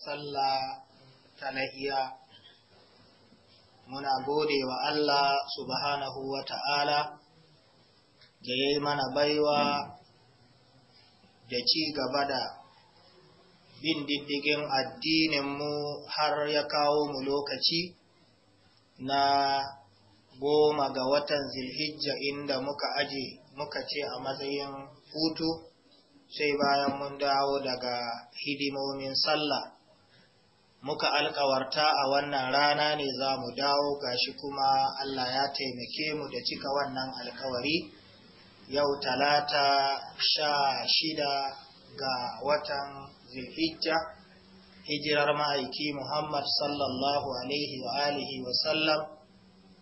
sallah ta lahiya muna gode wa Allah subhanahu wa ta'ala da ya yi mana baiwa da ci gaba da bin diddigin addininmu har ya kawo mu lokaci na goma ga watan zilhijja inda muka aje muka ce a matsayin hutu sai bayan mun dawo daga hidimomin sallah muka alkawarta a wannan rana ne za mu dawo gashi kuma Allah ya taimake mu da cika wannan alkawari yau talata sha shida ga watan zilhijja hijirar ma'aiki Muhammad sallallahu alaihi wa alihi wa sallam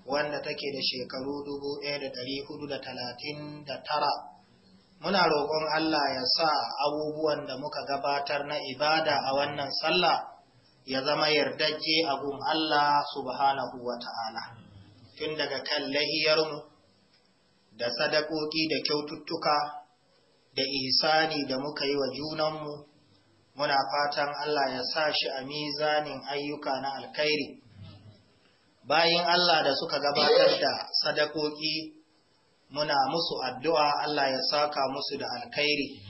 wanda take da shekaru 1439 muna roƙon Allah ya sa abubuwan da muka gabatar na ibada a wannan sallah ya zama yardajje a gun Allah subhanahu wa ta'ala, tun daga kan lahiyarmu da sadakoki da kyaututtuka da isani da muka yi wa junanmu, muna fatan Allah ya sa shi a mizanin ayyuka na alkhairi. bayan Allah da suka gabatar da sadakoki muna musu addu'a Allah ya saka musu da alkhairi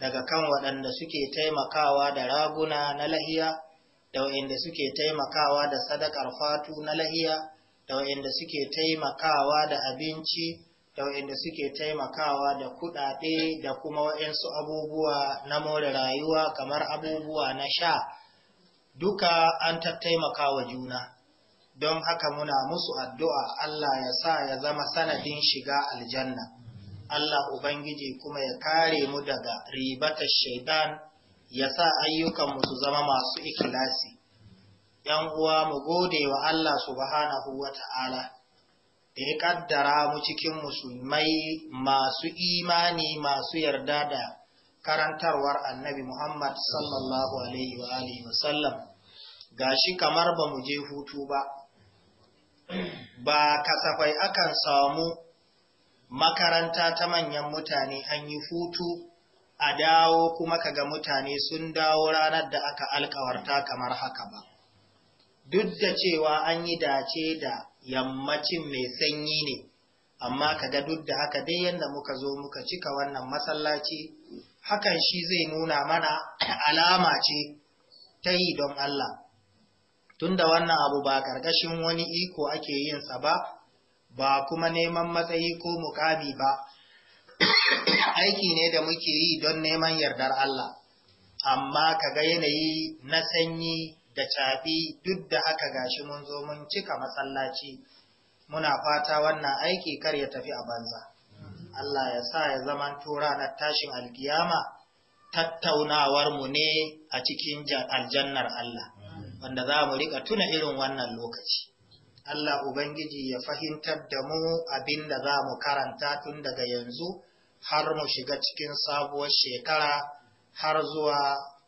daga kan waɗanda suke taimakawa da raguna na lahiya. da wa'inda suke taimakawa da sadakar fatu na lahiya da wa'inda suke taimakawa da abinci da wa'inda suke taimakawa da kuɗaɗe da kuma wa'insu abubuwa na more rayuwa kamar abubuwa na sha duka an tattaimaka wa juna don haka muna musu addu'a Allah ya sa ya zama sanadin shiga aljanna Allah Ubangiji kuma ya kare mu daga ribatar shaidan ya sa ayyukanmu su zama masu ikilasi. ‘Yan uwa mu gode wa Allah subhanahu wa ta'ala, da ya ƙaddara mu cikin musulmai masu imani masu yarda da karantarwar annabi Muhammad sallallahu Alaihi wa Alaihi wasallam, shi kamar ba mu je hutu ba, ba kasafai akan samu makaranta ta manyan mutane an yi hutu. a dawo kuma kaga mutane sun dawo ranar da aka alkawarta kamar haka ba. Duk da cewa an yi dace da yammacin mai sanyi ne, amma kaga duk da haka dai yadda muka zo muka cika wannan masallaci, hakan shi zai nuna mana alama ce ta yi don Allah. Tunda wannan abu ba ƙarƙashin wani iko ake yinsa ba, ba kuma neman matsayi ko mukami ba. aiki ne da muke yi don neman yardar Allah amma kaga yanayi na sanyi da caɓi duk da haka gashi mun zo mun cika masallaci muna fata wannan aiki kar ya tafi a banza Allah ya sa ya zama tura na tashin alkiyama tattaunawar mu ne a cikin aljannar Allah wanda za mu rika tuna irin wannan lokaci Allah Ubangiji ya fahimtar da mu abinda za mu karanta tun daga yanzu har mu shiga cikin sabuwar shekara har zuwa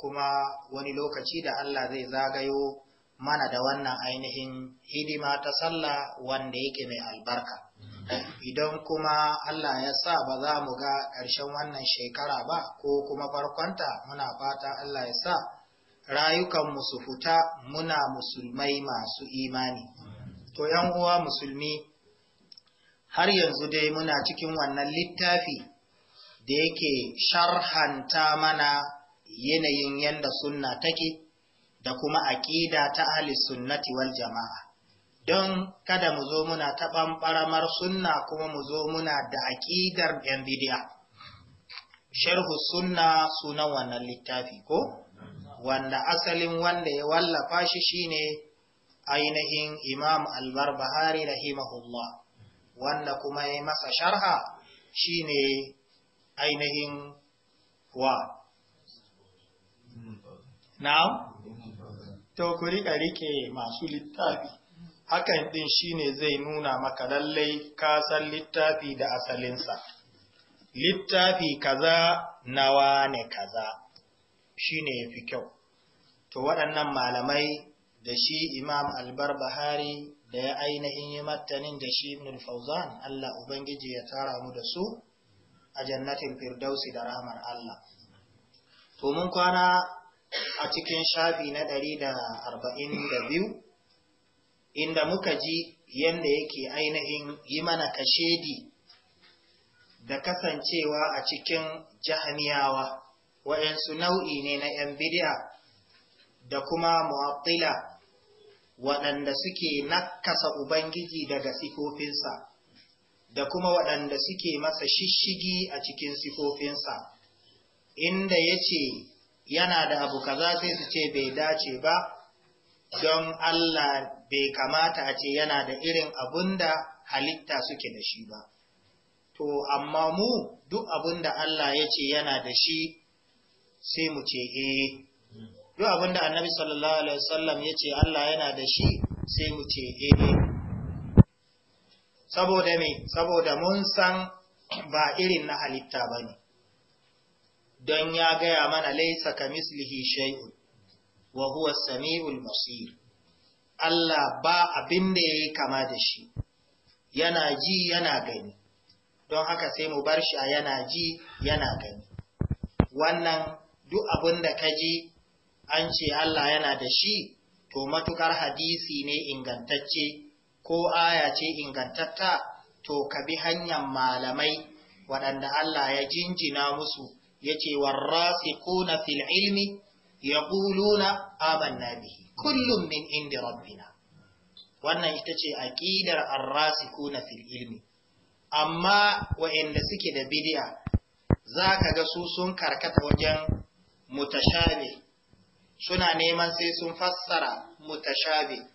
kuma wani lokaci da Allah zai zagayo mana da wannan ainihin hidima ta sallah wanda yake mai albarka. Idan kuma Allah ya sa ba za mu ga ƙarshen wannan shekara ba ko kuma farkonta muna fata Allah ya sa rayukanmu su fita muna musulmai masu imani. To 'yan uwa musulmi har yanzu dai muna cikin wannan littafi da yake sharhanta mana yanayin yanda sunna take da kuma aƙida ta ahli sunnati wal jama'a don kada mu zo muna ta ɓaramar sunna kuma mu zo muna da aƙidar yan bidiya sharhu sunna sunan wannan littafi ko wanda asalin wanda ya wallafa shi shine ainihin imam albarbahari rahimahullah wanda kuma ya masa sharha shine ainihin wa na'am to ku riƙa riƙe masu littafi hakan ɗin shine zai nuna maka lallai ka san littafi da asalinsa littafi kaza nawa ne kaza shine yafi kyau to waɗannan malamai da shi imam albar bahari da ya ainihin yi martanin da shi ibn fauzan Allah Ubangiji ya tara mu da su a jannatin firdausi da rahmar Allah. To mun kwana a cikin shafi na ɗari da arba'in da biyu, inda muka ji yadda yake ainihin yi mana kashedi da kasancewa a cikin jahamiyawa, wa'yansu nau'i ne na ‘yan bidiya da kuma mu'attila waɗanda suke nakasa Ubangiji daga sifofinsa. da kuma waɗanda suke masa shishigi a cikin sifofinsa, inda ya ce yana da abu kaza sai su ce bai dace ba, don Allah bai kamata a ce yana da irin abun da halitta suke da shi ba. To, amma mu duk abun da Allah ya ce yana da shi sai mu ce eh. Duk abin da annabi sallallahu Alaihi wasallam ya ce Allah yana da shi sai mu ce e. saboda me saboda mun san ba irin na halitta ba ne don ya gaya mana laisa ka mislihi shay'un wa huwa sami'ul basir Allah ba abin da yayi kama da shi yana ji yana gani don haka sai mu bar shi a yana ji yana gani wannan duk abin da ka ji an ce Allah yana da shi to matukar hadisi ne ingantacce ko aya ce ingantatta to ka bi hanyar malamai waɗanda Allah ya jinjina musu ya ce na fil ilmi ya yaquluna amanna bihi kullum min indi rabbina wannan ita ce aqidar na fil ilmi amma waɗanda suke da za ka ga su sun karkata wajen mutashabe suna neman sai sun fassara mutashabe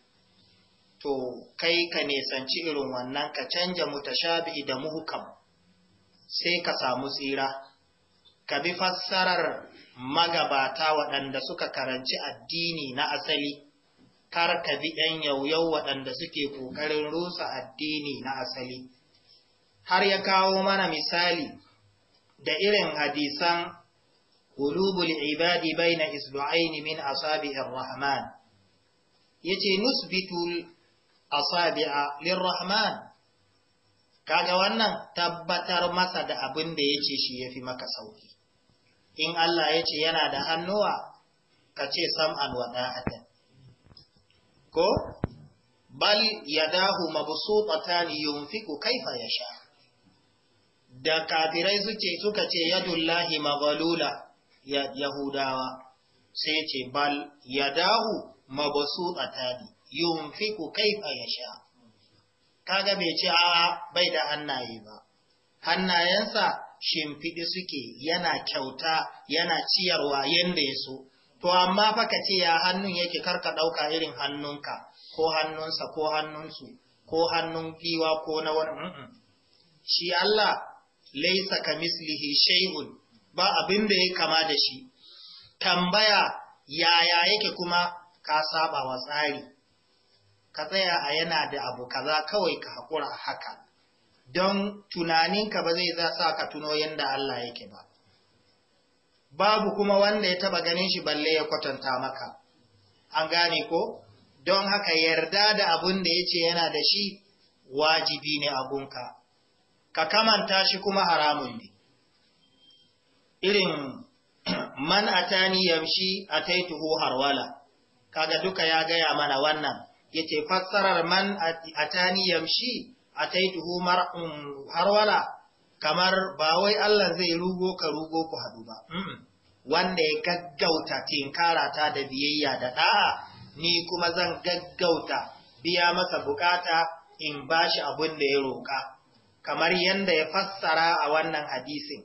to kai ka nesanci irin wannan ka canja mutashabihi da muhukam sai ka samu tsira ka bi fassarar magabata waɗanda suka karanci addini na asali kar ka bi ɗan yauyau waɗanda suke ƙoƙarin rusa addini na asali har ya kawo mana misali da irin hadisan qulubul ibadi baina islu'aini min asabi'ir rahman yace nusbitul asabi'a lirrahman kaga wannan tabbatar masa da abin da yake shi yafi maka sauki in Allah ya ce yana da hannuwa ka ce sam'an wa da'atan ko bal yadahu mabsuṭatan yunfiku kaifa yasha da kafirai suke suka ce yadullahi maghlula yahudawa sai ce bal yadahu mabsuṭatan yunfiku kaifa yasha kaga bai ce a bai da hannaye ba hannayensa shimfiɗi suke yana kyauta yana ciyarwa yanda ya so to amma fa ka ce ya hannun yake karka ɗauka irin hannunka ko hannunsa ko hannunsu ko hannun giwa ko na wani shi Allah laisa ka mislihi shay'un ba abin da ya kama da shi tambaya yaya yake kuma ka saba wa tsari ka tsaya a yana da abu kaza kawai ka haƙura haka don tunaninka ba zai sa ka tuno yadda Allah yake ba babu kuma wanda ya taba ganin shi balle ya kwatanta maka an gane ko don haka yarda da abun da ya ce yana da shi wajibi ne abunka ka kamanta shi kuma haramun ne irin man atani yamshi ataituhu harwala kaga duka ya gaya mana wannan yace fassarar man atani yamshi ataituhu mar'un harwala kamar ba wai Allah zai rugo ka rugo ku hadu ba wanda ya gaggauta tinkara ta da biyayya da da'a ni kuma zan gaggauta biya masa bukata in bashi abin da ya roka kamar yanda ya fassara a wannan hadisin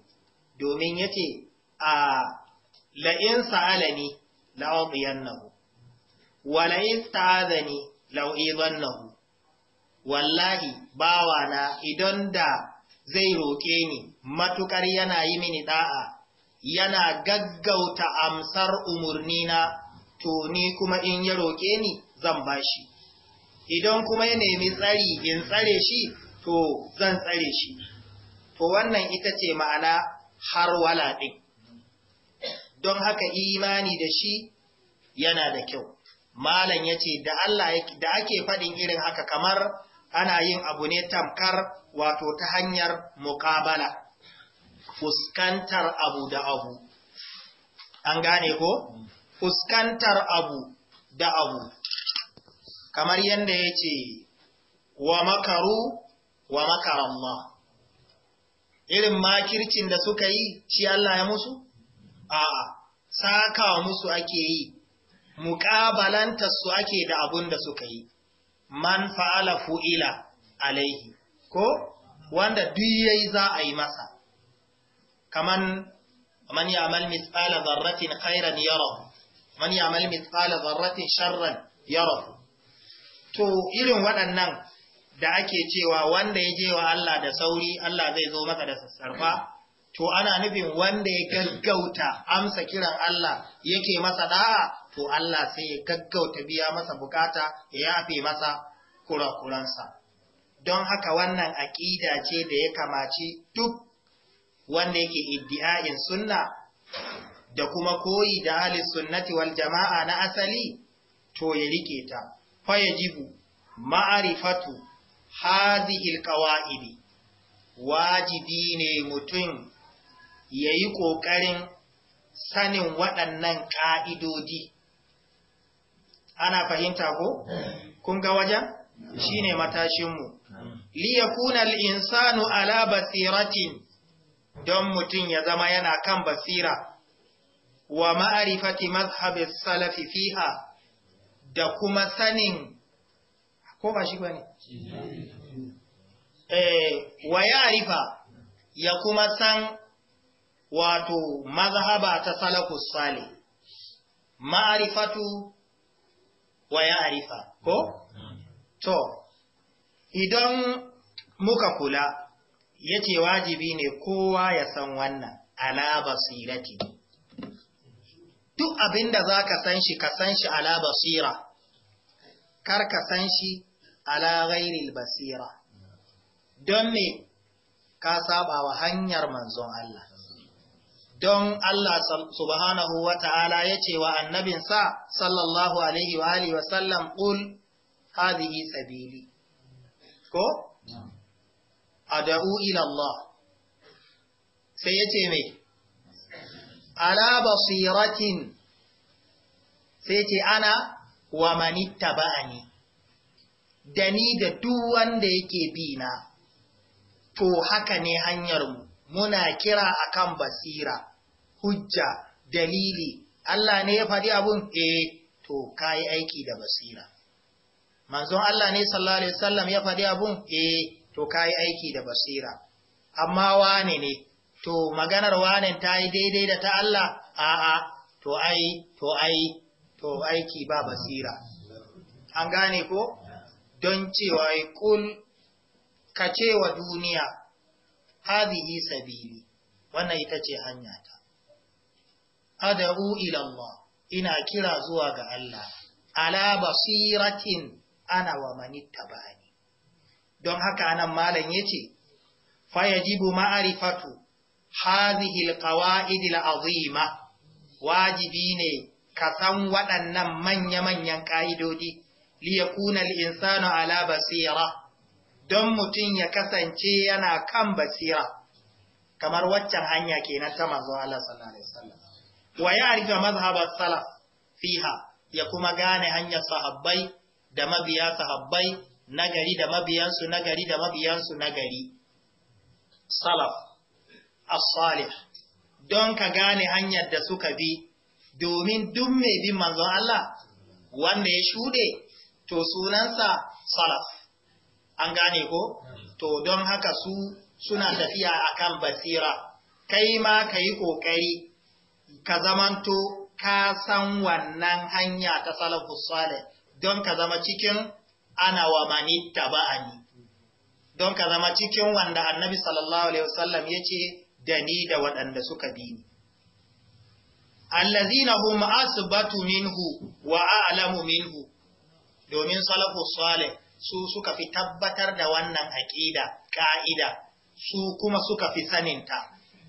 domin yace a la'in sa'alani la'udiyannahu wa la'in ta'adani lau'idannahu wallahi bawa na. idan da zai roƙe ni matuƙar yana yi mini ɗa'a yana gaggauta amsar umurnina to ni kuma in ya roƙe ni zan ba shi. idan kuma ya nemi tsari in tsare shi to zan tsare shi to wannan ita ce ma'ana har wala ɗin don haka imani da shi yana da kyau malam ya ce da Allah da ake faɗin irin haka kamar ana yin abu ne tamkar wato ta hanyar muƙabala fuskantar abu da abu an gane ko fuskantar abu da abu kamar yadda ya ce wa makaru wa makarallah irin makircin da suka yi shi Allah ya musu? A'a, saka musu ake yi muƙabalantar su ake da abun da suka yi man fa'ala fu'ila alaihi ko wanda duye za a yi masa kaman man amal mitsala zarratin khairan Yaron, man amal mitsala zarratin sharran yarahu to irin waɗannan da ake cewa wanda ya je wa Allah da sauri Allah zai zo maka da sassarfa to ana nufin wanda ya gaggauta amsa kiran Allah yake masa da'a to Allah sai ya gaggauta biya masa bukata ya yafe masa kurakuransa don haka wannan aƙida ce da ya kamaci duk wanda yake iddi'a'in sunna da kuma koyi da ahli sunnati wal jama'a na asali to ya rike ta fa yajibu ma'rifatu hadhihi alqawa'idi wajibi ne mutum ya yi ƙoƙarin sanin waɗannan ƙa'idodi. ana fahimta ko kun ga wajen shine matashinmu liyakuna al-insanu ala basiratin don mutum ya zama yana kan basira wa ma'arifati mazhabin salafi fiha da kuma sanin ko ba shi bane eh wa ya'rifa ya kuma san wato mazhaba ta salafus sale. ma'arifatu wa ya ko? Hmm. To, idan muka kula yake wajibi ne kowa ya san wannan ala basirati. Duk abinda zaka za ka san shi ka san shi ala basira, kar ka san shi ala ghairil basira, don me ka saba wa hanyar manzon Allah. don Allah subhanahu wa ta'ala ya ce wa annabinsa sallallahu alaihi wa alihi wasallam ƙul hazihi sabili. Ko? Ada'u ilallah. Sai ya ce mai, Ala basiratin sai ce ana wa manitta ba'ani, da ni da duk wanda yake bi na, to haka ne hanyarmu. muna kira akan basira hujja dalili Allah ne ya faɗi abun eh to kayi aiki da basira manzon Allah ne sallallahu alaihi wasallam ya faɗi abun eh to kayi aiki da basira amma wane ne to maganar wane ta yi daidai da ta Allah a'a to ai to ai to aiki ba basira an gane ko don cewa kul ka cewa duniya hadhihi sabili wannan ita ce hanyata ad'u ila Allah ina kira zuwa ga Allah ala basiratin ana wa manittabani don haka anan malam yace fa yajibu ma'rifatu hadhihi alqawaid azima wajibi ne ka san waɗannan manya-manyan ƙa'idodi liya kuna al'insano ala basira don mutum ya kasance yana kan basira kamar waccan hanya kenan ta manzo Allah sallallahu alaihi wasallam wa as-salaf fiha ya kuma gane hanyar sahabbai da mabiya sahabbai nagari da mabiyansu nagari da mabiyansu nagari salaf as-salih don ka gane hanyar da suka bi domin duk mai bin manzon Allah wanda ya shude to sunansa salaf an gane ko to don haka su suna tafiya akan basira kai ma ka yi ƙoƙari ka zamanto ka san wannan hanya ta salafus salih don ka zama cikin ana wa mani taba'ani don ka zama cikin wanda annabi sallallahu alaihi wasallam ya ce da ni da waɗanda suka bi ni allazina hum asbatu minhu wa a'lamu minhu domin salafus salih su suka fi tabbatar da wannan aƙida ƙa'ida su kuma suka fi saninta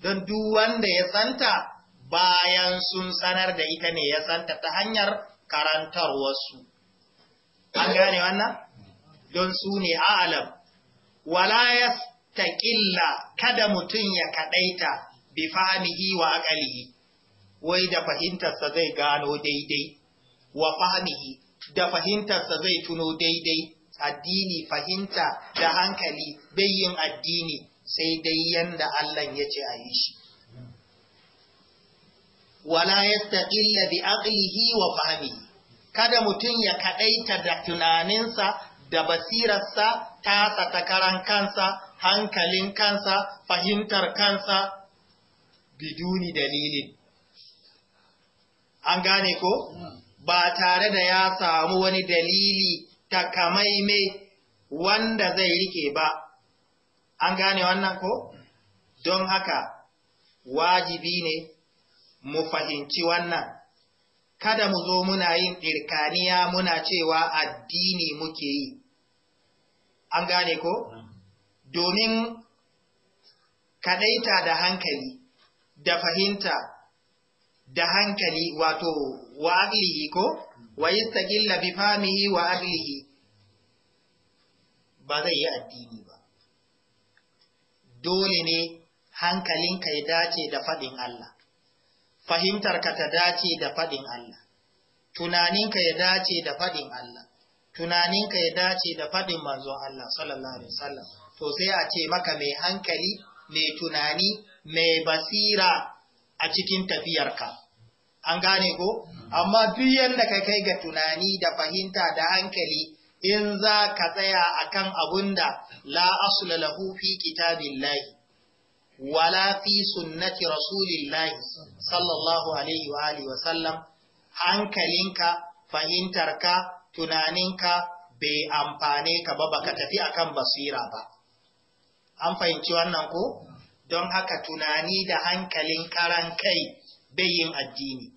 don duk wanda ya santa bayan sun sanar da ita ne ya santa ta hanyar karantarwarsu an gane wannan don su ne a'alam wala ya kada mutum ya kaɗaita bi fahimihi wa aƙalihi wai da fahimtarsa zai gano daidai wa fahimihi da fahimtarsa zai tuno daidai addini fahimta da hankali bai yin addini sai dai yanda Allah ya ce a yi shi wala yastaqilla bi aqlihi wa fahmi kada mutum ya kaɗaita da tunaninsa da basirarsa tasa ta karan kansa hankalin kansa fahimtar kansa biduni dalilin an gane ko hmm. ba tare da ya samu wani dalili takamaime wanda zai rike ba, an gane wannan ko? Don haka wajibi ne mu fahimci wannan, kada mu zo muna yin ɗirkaniya muna cewa addini muke yi, an gane ko? Domin kaɗaita da hankali, da fahimta, da hankali wato wa'alihi ko? wa yastaqilla bi famihi wa ahlihi ba zai yi addini ba dole ne hankalinka ya dace da faɗin Allah fahimtarka ta dace da faɗin Allah tunaninka ya dace da faɗin Allah tunaninka ya dace da faɗin manzon Allah sallallahu alaihi wasallam to sai a maka mai hankali mai tunani mai basira a cikin tafiyarka an gane ko amma duk yanda ka kai ga tunani da fahimta da hankali in za ka tsaya akan abun da la asula lahu fi kitabillahi wala fi sunnati rasulillahi sallallahu alaihi wa alihi wa sallam hankalinka fahimtarka tunaninka bai amfane ka ba baka tafi akan basira ba an fahimci wannan ko don haka tunani da hankalin karan kai bai yin addini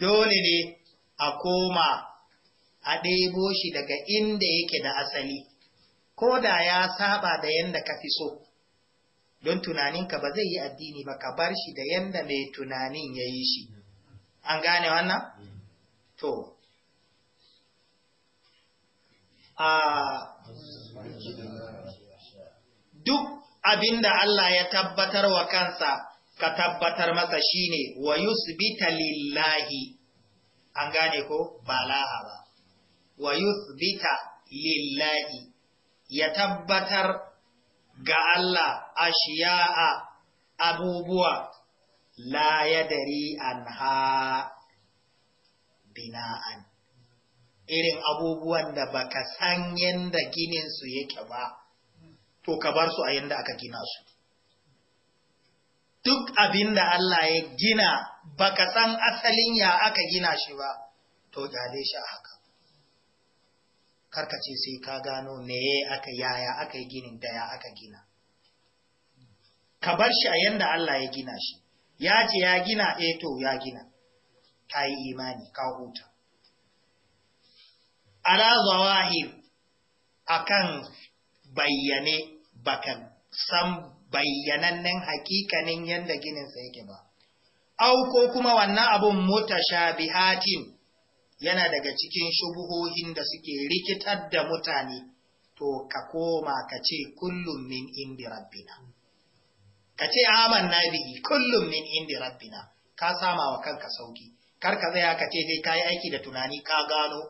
dole ne a koma a ɗebo shi daga inda yake da asali, ko da ya saba da yanda ka fi so, don tunaninka ba zai yi addini ba ka bar shi da yanda mai tunanin ya yi shi. An gane wannan? To, a duk abin da Allah ya tabbatar wa kansa ka tabbatar masa shi ne wa yusbita lillahi. an gane ko ba laha ba wa yuthbita lillahi ya tabbatar ga Allah ashiya'a abubuwa la yadari anha bina'an irin abubuwan da baka san yanda ginin su yake ba to ka bar su a yanda aka gina su duk abin da Allah ya gina baka san asalin ya aka gina shi ba to kyale shi a haka karkace sai ka gano meye aka yaya aka yi ginin da ya aka gina ka bar shi a yadda Allah ya gina shi ya ce ya gina eto eh to ya gina ka yi imani ka huta ala zawahir akan bayyane baka san bayyanannen hakikanin yadda ginin sa yake ba au ko kuma wannan abun mutashabihatin yana daga cikin shubuhohin da suke rikitar da mutane to ka koma ka ce kullum min indi rabbina ka ce na bihi kullum min indi rabbina ka sama wa kanka sauki kar ka tsaya ka ce ka yi aiki da tunani ka gano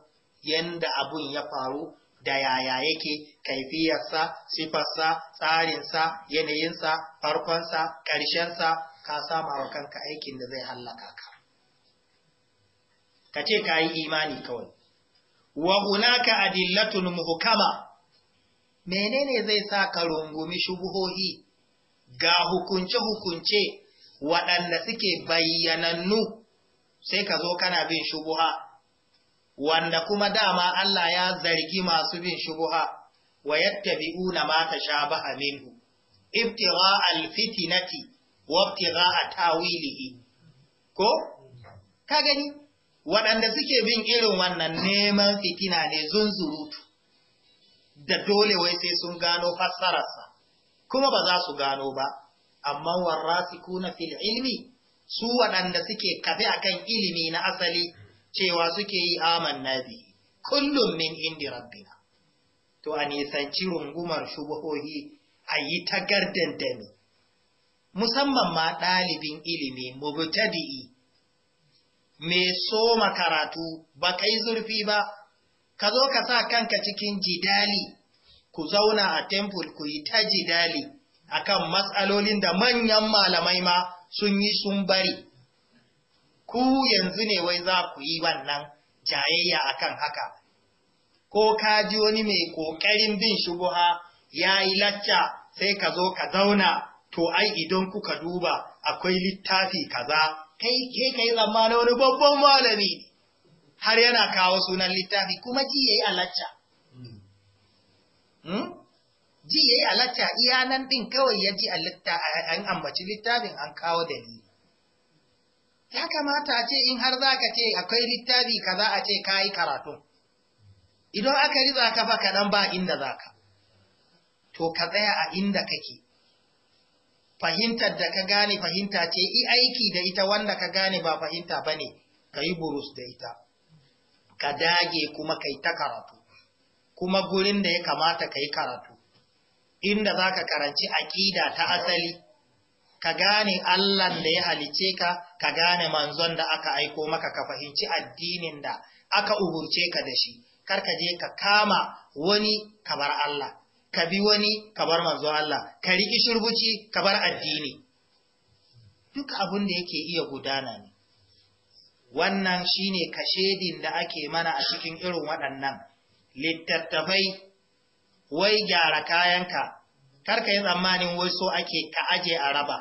yadda abun ya faru da yaya yake kaifiyarsa sifarsa tsarinsa yanayinsa farkonsa ƙarshensa ka sama wa kanka aikin da zai hallaka ka ka ce ka yi imani kawai wa hunaka adillatun muhukama menene zai sa ka rungumi shubuhohi ga hukunce-hukunce waɗanda suke bayyanannu sai ka zo kana bin shubuha wanda kuma dama Allah ya zargi masu bin shubuha wa na ma a minhu ibtigha alfitinati wa tawili tawilihi ko ka gani waɗanda suke bin irin wannan neman fitina ne zunzurutu da dole wai sai sun gano fassararsa kuma ba za su gano ba amma warrasikuna fil ilmi su waɗanda suke kafe akan ilimi na asali cewa suke yi aman nabi kullum min indi rabbina to a nisanci rungumar shubuhohi a yi ta gardandami musamman ma ɗalibin ilimi mubtadi'i mai soma karatu ba ka yi zurfi ba ka zo ka sa kanka cikin jidali ku zauna a temple ku yi ta jidali akan matsalolin da manyan malamai ma sun yi sun bari ku yanzu ne wai za ku yi wannan jayayya akan haka ko ka ji wani mai ƙoƙarin bin shubuha ya yi lacca sai ka zo ka zauna to ai idan kuka duba akwai littafi kaza kai ke kai zamanin wani babban malami har yana kawo sunan littafi kuma ji yayi a lacca hmm? ji yayi a lacca iya nan din kawai ya ji a an ambaci littafin an kawo dalili ya kamata a ce in har za ka ce akwai littafi za a ce ka yi karatun idan aka riza ka fa kaɗan ba inda za ka to ka tsaya a inda kake fahimtar da ka gane fahimta ce i aiki da ita wanda ka gane ba fahimta ba ne ka yi burus da ita ka dage kuma ka yi ta karatu kuma gurin da ya kamata ka yi karatu inda za ka karanci aƙida ta asali ka gane Allahn da ya halice ka, ka gane manzon da aka aiko maka ka fahimci addinin da aka uburce ka da shi, kar ka je ka kama wani kabar Allah, ka bi wani kabar bar manzon Allah, ka riƙi shurbuci kabar addini. Duk abin da yake iya gudana ne. Wannan shi ne kashedin da ake mana a cikin irin waɗannan littattafai, wai gyara kayanka karka yi tsammanin wai so ake ka aje a raba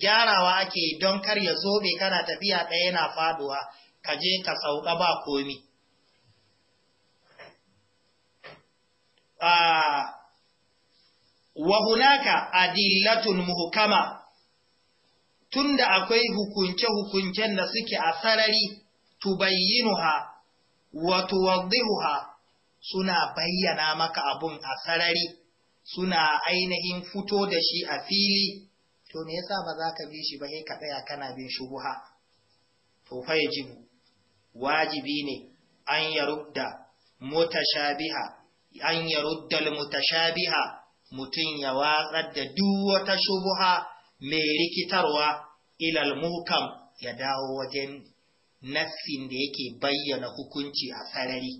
gyarawa ake don kar ya zobe kana tafiya ɗaya yana faduwa ka je ka sauka ba komi ah, wa hunaka adillatun tun da akwai hukunce-hukuncen da suke a sarari tubayyinuha wato tuwaddihuha suna bayyana maka abun a sarari suna ainihin fito da shi a fili to me yasa ba za ka bi shi ba ka tsaya kana bin shubuha to fa yajibu wajibi ne an yarudda mutashabiha an yarudda mutashabiha mutun ya watsar da duk wata shubuha mai rikitarwa ilal muhkam ya dawo wajen nassin da yake bayyana hukunci a sarari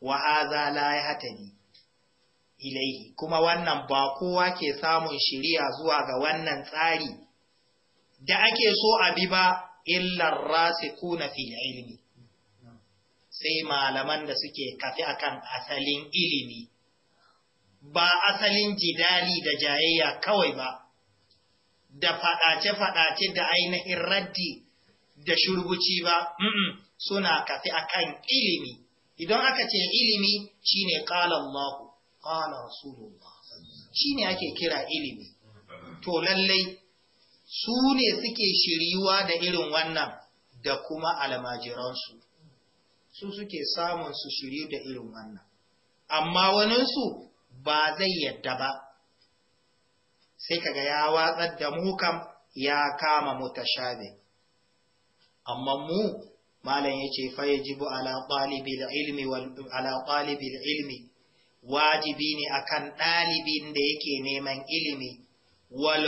wa haza la yahtadi ilaihi kuma wannan ba kowa ke samun shiriya zuwa ga wannan tsari da ake so a bi ba illar rasikuna fi ilmi sai malaman da suke kafi akan asalin ilimi ba asalin jidali da jayayya kawai ba da faɗace-faɗace da ainihin raddi da shurbuci ba suna kafi akan ilimi idan aka ce ilimi shine qala Allahu qala rasulullah ne ake kira ilimi to lallai su ne suke shiriwa da irin wannan da kuma almajiransu su suke samun su shiryu da irin wannan amma waninsu ba zai yadda ba sai kaga ya watsar da mu kam ya kama mutashabi amma mu malam yace fa yajibu ala talibil ilmi wal ala talibil ilmi wajibi ne akan ɗalibin da yake neman ilimi wal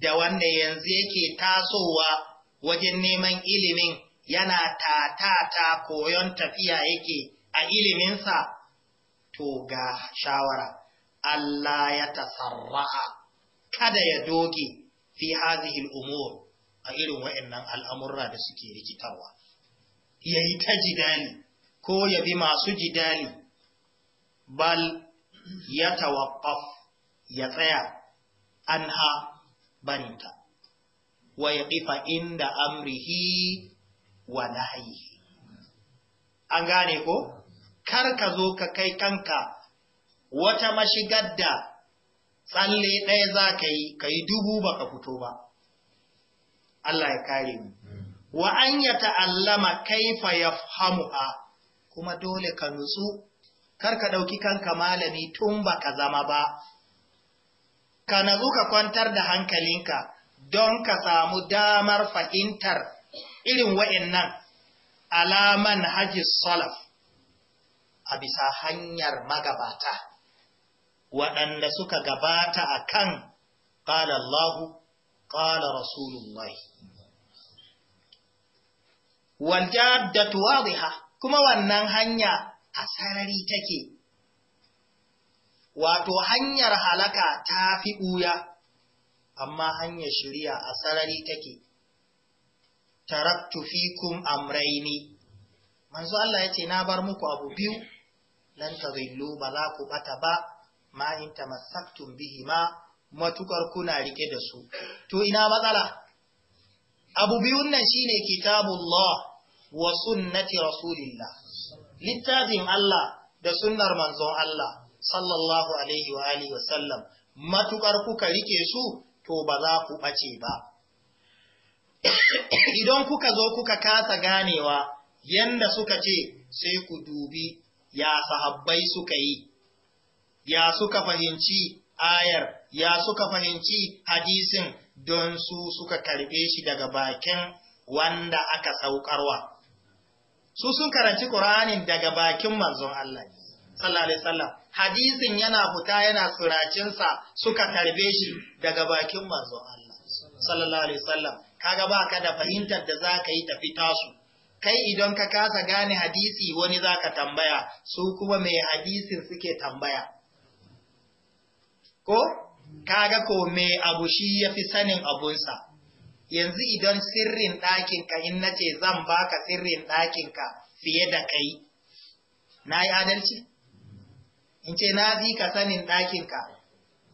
da wanda yanzu yake tasowa wajen neman ilimin yana tatata koyon tafiya yake a iliminsa to ga shawara Allah ya tasarra'a kada ya doge fi hazihin umur a irin wa’in al'amurra da suke rikitarwa ya yi ta jidali ko ya bi masu jidali bal ya tawaqqaf ya tsaya anha barinta wa ya ƙifa inda amrihi wa nahyihi an gane ko kar ka zo ka kai kanka wata mashigar da tsalle ɗaya za ka yi ka yi dubu ba ka fito ba Allah ya kare mu wa an ya ta'allama kaifa yafhamuha kuma dole ka nutsu kar ka ɗauki kanka malami tun ba ka zama ba, ka nazu ka kwantar da hankalinka don ka samu damar fahimtar irin wa'yannan alaman hajji salaf a bisa hanyar magabata, waɗanda suka gabata a kan ƙala Allahu, ƙala Rasulullahi. Waljaddatu wadiha kuma wannan hanya a sarari take, wato hanyar halaka ta fi ɓuya, amma hanyar shirya a sarari take, taraktu fikum amraini. Manzo Allah ya ce, Na bar muku abu biyu, ta tazillu ba za ku ɓata ba, ma in tamassaktum bihi ma matukar kuna rike da su. To ina matsala? Abu biyun nan shine kitabullah wa sunnati rasulillah. littafin Allah da sunnar manzon Allah sallallahu alaihi wa alihi wasallam matukar kuka rike su to ba za ku ɓace ba idan kuka zo kuka kasa ganewa yanda suka ce sai ku dubi ya sahabbai suka yi ya suka fahimci ayar ya suka fahimci hadisin don su suka karɓe shi daga bakin wanda aka saukarwa su sun karanci ƙuranin daga bakin manzon Allah sallallahu alaihi wasallam hadisin yana fita yana tsiracin sa suka karbe shi daga bakin manzon Allah sallallahu alaihi wasallam kaga ba ka da fahimtar da zaka yi tafi tasu kai idan ka kasa gane hadisi wani zaka tambaya su kuma mai hadisin suke tambaya ko kaga ko mai abu shi yafi sanin abunsa yanzu idan sirrin ɗakinka in na ce zan ka sirrin ɗakinka fiye da kai, na yi adalci? In ce na fi ka sanin ɗakinka,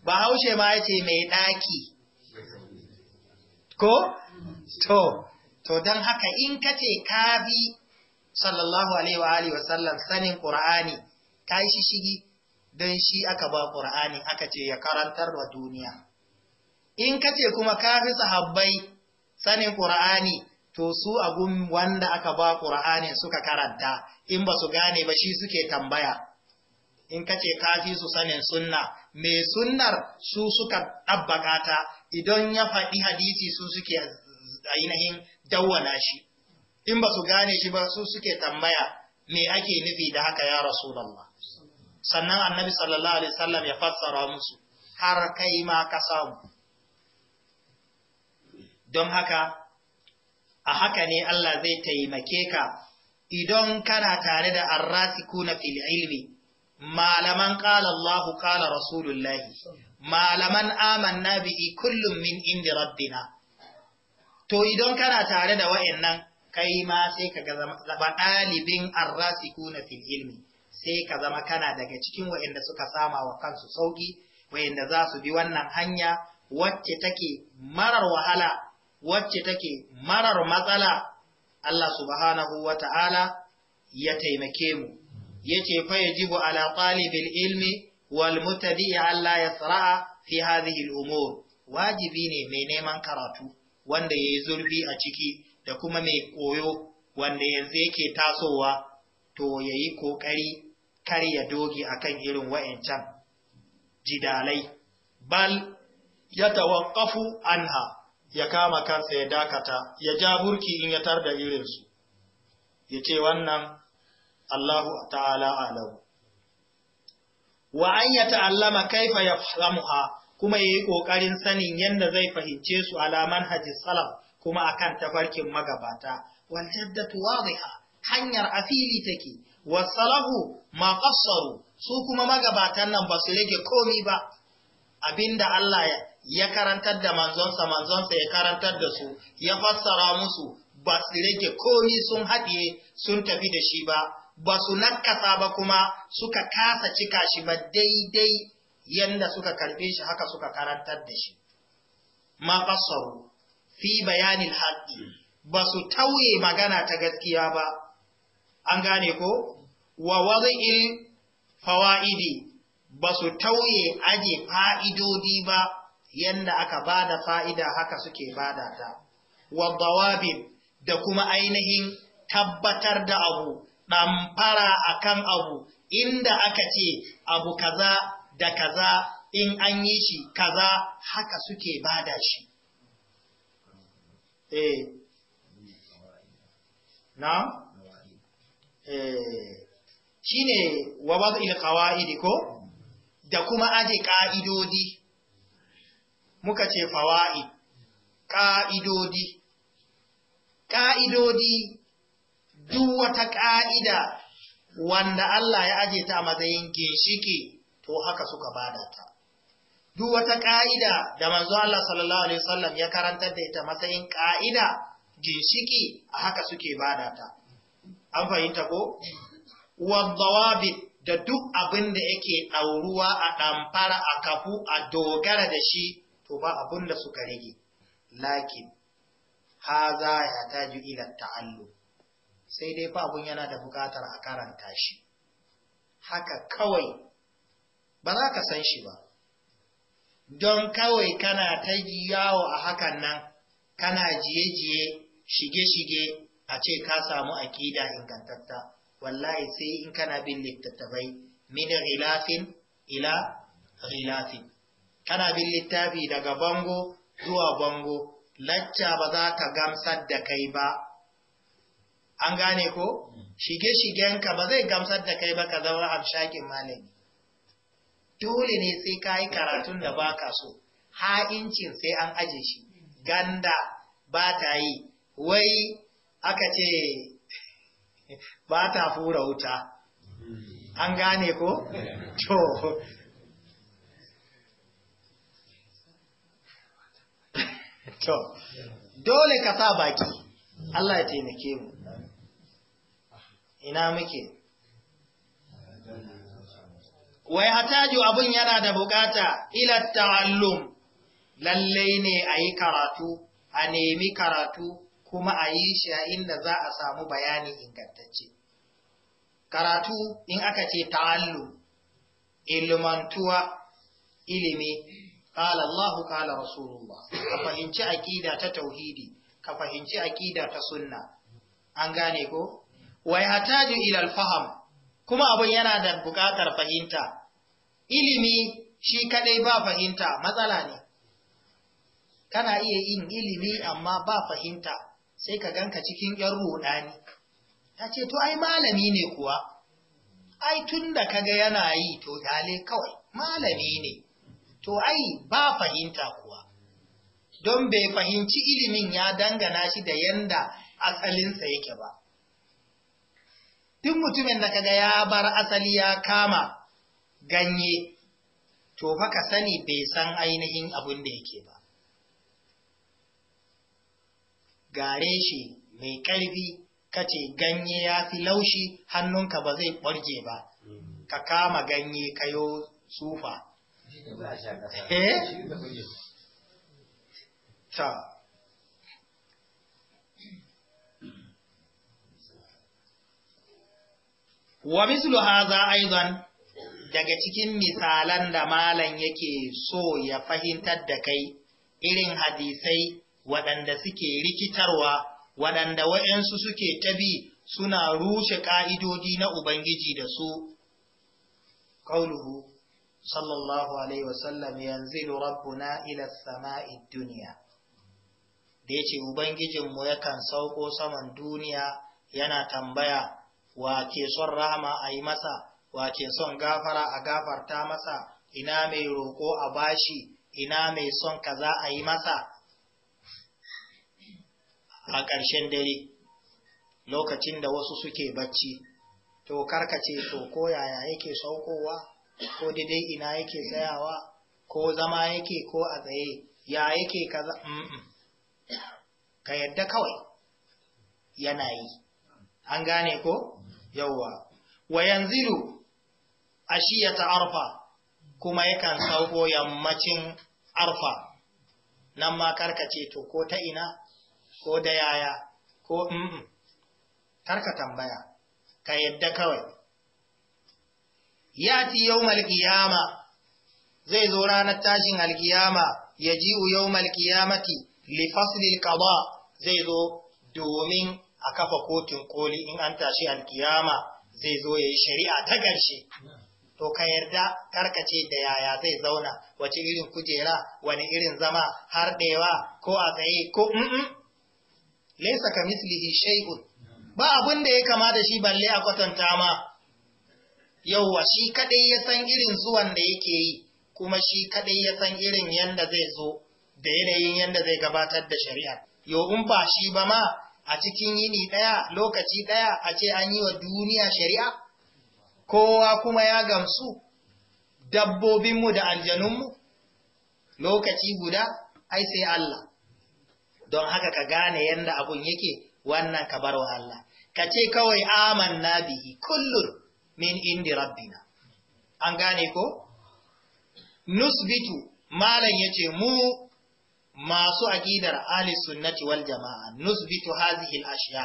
ba haushe ma ya ce mai ɗaki. Ko? To, to don haka in ka ce ka bi sallallahu Alaihi wa Alaihi wasallam sanin ƙura'ani, ka yi shishigi don shi aka ba ƙura'ani aka ce ya karantar wa duniya. In ka ce kuma ka fi sahabbai sanin Qur'ani to su abun wanda aka ba Qur'ani suka karanta in ba su gane ba shi suke tambaya in kace kafi su sanin sunna me sunnar su suka dabbaka ta idan ya faɗi hadisi su suke ainihin dawwana shi in ba su gane shi ba su suke tambaya me ake nufi da haka ya rasulullah sannan annabi sallallahu alaihi wasallam ya fassara musu har kai ma ka samu don haka a haka ne Allah zai taimake ka idan kana tare da kuna fil ilmi malaman qala Allahu qala rasulullahi malaman amanna bihi kullum min indi rabbina to idan kana tare da wa'annan kai ma sai ka zama ɗalibin kuna fil ilmi sai ka zama kana daga cikin wayanda suka sama wa kansu sauki wayanda za su bi wannan hanya wacce take marar wahala wacce take marar matsala Allah subhanahu wa ta'ala ya taimake mu, ya ce fa ya ala ɗalibin ilmi wal mutabi Allah ya tsara'a fi hadhihi umur wajibi ne mai neman karatu wanda ya yi zurfi a ciki da kuma mai koyo wanda yanzu yake tasowa to ya yi ƙoƙari kar ya doge akan irin wa'yancan jidalai, bal ya anha ya kama kansa ya dakata ya ja burki in ya tar da irinsu ya ce wannan Allahu ta'ala alau wa an ya ta'allama kaifa ya fahimuha kuma ya yi ƙoƙarin sanin yadda zai fahimce su alaman haji salaf kuma a kan tafarkin magabata wal jaddatu wadiha hanyar afili take wasalahu ma qassaru su kuma magabatan nan ba su rage komi ba abinda Allah ya ya karantar da manzonsa manzonsa ya karantar da su ya fassara musu ba su rage komi sun haɗe sun tafi da shi ba ba su nakasa ba kuma suka kasa cika shi ba daidai yadda suka karbe shi haka suka karantar da shi ma fassaru fi bayanin haɗi ba su tauye magana ta gaskiya ba an gane ko wa wazi'il fawa'idi ba su tauye aje fa'idodi ba Yadda aka bada fa'ida haka suke bada ta wadawabin da kuma ainihin tabbatar da abu ɗamfara kan abu inda aka ce abu kaza da kaza in an yi shi kaza haka suke bada shi. E! Na? E! Shi ne wa wazo ko? Da kuma aje ƙa'idodi muka ce fawa'i ƙa'idodi ƙa'idodi duk wata ƙa'ida wanda Allah ya aje ta a matsayin ginshiki to haka suka bada ta. Duk wata ƙa'ida da manzo Allah sallallahu Alaihi wasallam ya karantar da ita matsayin ƙa'ida ginshiki a haka suke bada ta. An fahimta ko? da duk abin da yake ɗauruwa a ɗamfara a kafu a dogara da shi to ba abun da suka rage lakin haza ya taju ila ta'allu sai dai fa abun yana da bukatar a karanta shi haka kawai ba za ka san shi ba don kawai kana ta yawo a hakan nan kana jiye-jiye shige-shige a ce ka samu aƙida ingantatta wallahi sai in kana bin littattafai min ghilafin ila ghilafin kana bin littafi daga bango zuwa bango lacca ba za ta gamsar da kai ba an gane ko shige-shigenka ba zai gamsar da kai ba ka zama hamshakin malami dole ne sai ka yi karatun da baka so ha'incin sai an aje shi ganda ba ta yi wai aka ce ba ta fura wuta an gane ko? to dole ka sa baki Allah ya taimake mu ina muke wai hataju abun yana da bukata ila ta'allum lalle ne ayi karatu a nemi karatu kuma a yi shi a inda za a samu bayani ingantacce karatu in aka ce ta'allum ilmantuwa ilimi qala Allahu qala Rasulullah ka fahimci aqida ta tauhidi ka fahimci aqida ta sunna an gane ko wa yahtaju ila al-faham kuma abun yana da buƙatar fahimta ilimi shi kadai ba fahimta matsala ne kana iya yin ilimi amma ba fahimta sai ka ganka cikin yan rudani ta ce to ai malami ne kuwa ai tun da kaga yana yi to dale kawai malami ne to ai ba fahimta kuwa don bai fahimci ilimin ya dangana shi da yanda asalinsa yake ba Tun mutumin da kaga ya bar asali ya kama ganye to fa ka sani bai san ainihin abin da yake ba gare shi mai ƙarfi kace ganye ya fi laushi hannunka ba zai ɓarje ba hmm. ka kama ganye kayo sufa Eh? ta wa mislu haza aidan daga cikin misalan da malam yake so ya fahimtar da kai irin hadisai waɗanda suke rikitarwa waɗanda wa'yansu suke tabi suna rushe ƙa'idodi na Ubangiji da su, ƙauluhu sallallahu alaihi wasallam yanzilu rabbuna ila sama'i duniya da yace ubangijinmu yakan sauko saman duniya yana tambaya wake son rahama a yi masa wa ke son gafara a gafarta masa ina mai roƙo a bashi ina mai son kaza a yi masa a ƙarshen dare lokacin da wasu suke bacci to karkace to ko yaya yake saukowa ko daidai ina yake tsayawa ko zama yake ko a tsaye ya yake kaza ka yadda kawai yana yi an gane ko yauwa wa yanzilu ashiyata arfa kuma yakan sauko yammacin arfa nan ma karkace to ko ta ina ko da yaya ko karka tambaya ka yadda kawai yati yawmal qiyama zai zo ranar tashin alkiyama yaji'u yawmal qiyamati li fasli alqada zai zo domin a kafa kotun koli in an tashi alkiyama zai zo yayi shari'a ta karshe to ka yarda karkace da yaya zai zauna wace irin kujera wani irin zama har ɗewa ko a tsaye ko mm laysa ka mislihi shay'un ba abin da ya kama da shi balle a kwatanta ma yauwa shi kadai ya san irin zuwan da yake yi kuma shi kadai ya san irin yanda zai zo da yanayin yanda zai gabatar da shari'a yau in ba shi ba ma a cikin yini daya lokaci daya a ce an yi wa duniya shari'a kowa kuma ya gamsu dabbobinmu da aljanunmu lokaci guda ai sai Allah don haka ka gane yanda abun yake wannan ka bar wa Allah ka ce kawai amanna bihi kullun min indi rabbina an gane ko nusbitu malam yace mu masu aqidar ahli sunnati wal jamaa nusbitu hadhihi al ashiya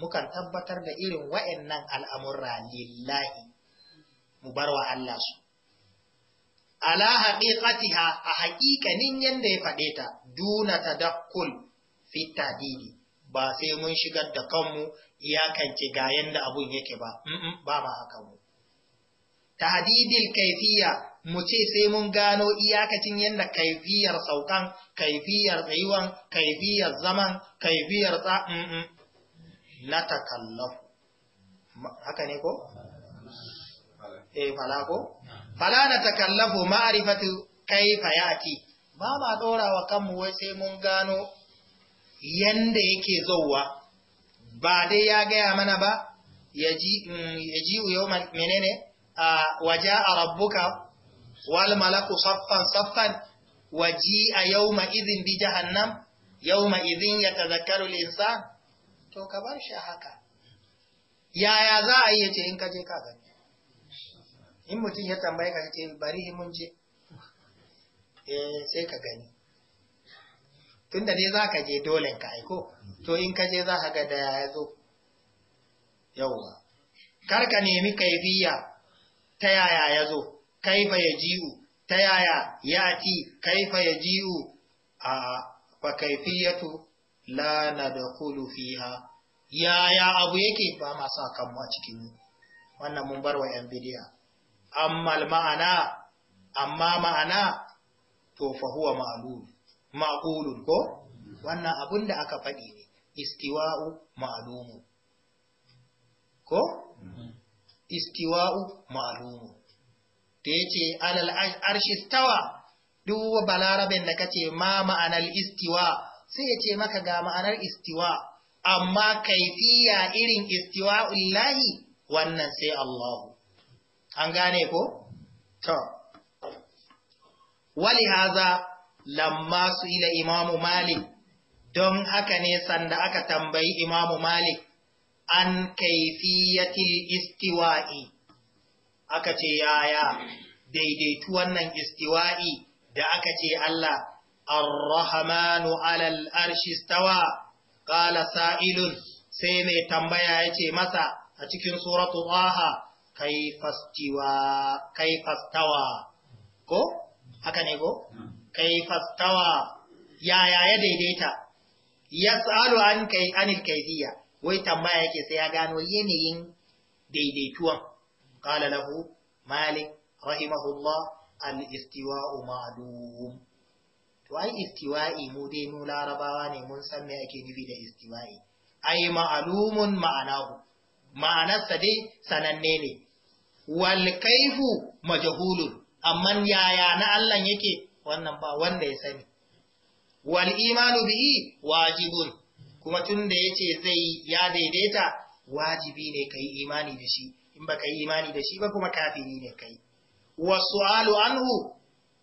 mukan tabbatar da irin wa'annan al'amurra lillahi mu barwa Allah su ala haqiqatiha a haƙiƙanin yanda ya faɗe ta duna tadakkul fi tadidi ba sai mun shigar da kanmu iyakance ga yanda abun yake ba ba ma haka mu tahdidil kaifiya mu ce sai mun gano iyakacin yanda kaifiyar saukan kaifiyar tsayuwan kaifiyar zaman kaifiyar tsa na takallaf haka ne ko eh fala ko fala na takallafu ma'arifatu kaifa yati ba ma ɗora wa kanmu wai sai mun gano yanda yake zauwa ba dai ya gaya mana ba ya ji mm, yau menene a waje a rabbuka wal malaku saffan saffan waji a yau ma'izin bi jahannam yau ma'izin ya tazakaru insan to ka bar shi haka yaya za a yi ya ce in kaje ka gani in mutum ya tambaye ka ce bari himunje je eh, sai ka gani tunda dai za ka je dole ka aiko to in ka je za ka ga da ya zo yauwa kar ka nemi kaifiya ta yaya ya zo kaifa ya ji'u ta yaya ya ci kaifa ya ji'u a fa kaifiyatu la nadkhulu fiha yaya abu yake ba ma sa kanmu a cikin wannan mun bar wa yan bidiya amma ma'ana amma ma'ana to fa huwa ma'lum maqulun ko wannan abun da aka faɗi ne istiwa'u ma'lumu ko istiwa'u ma'lumu da yace alal arshi stawa duk balarabin da kace ma ma'anar istiwa sai yace maka ga ma'anar istiwa amma kaifiya irin Illahi, wannan sai Allahu an gane ko to wali haza lamma su ila imamu malik don haka ne sanda aka tambayi imamu malik an kaifiyatil istiwa'i aka ce yaya daidaitu wannan istiwa'i da aka ce Allah ar-rahmanu alal arshi qala sa'ilun sai mai tambaya yace masa a cikin suratu aha kaifastiwa kaifastawa ko haka ne ko hmm. kai fastawa yaya ya daidaita Ya yas'alu an kai anil kaifiya wai tambaya yake sai ya gano yanayin daidaituwan qala lahu malik rahimahullah al-istiwa'u ma'lum to ai istiwa'i mu dai mu larabawa ne mun san me ake nufi da istiwa'i ai ma'lumun ma'anahu ma'anarsa dai sananne ne wal kaifu majhulun Amman yaya na Allah yake wannan ba wanda ya sani wal imanu bihi wajibun kuma tunda yace zai ya daidaita wajibi ne kai imani da shi in baka yi imani da shi ba kuma kafiri ne kai su'alu anhu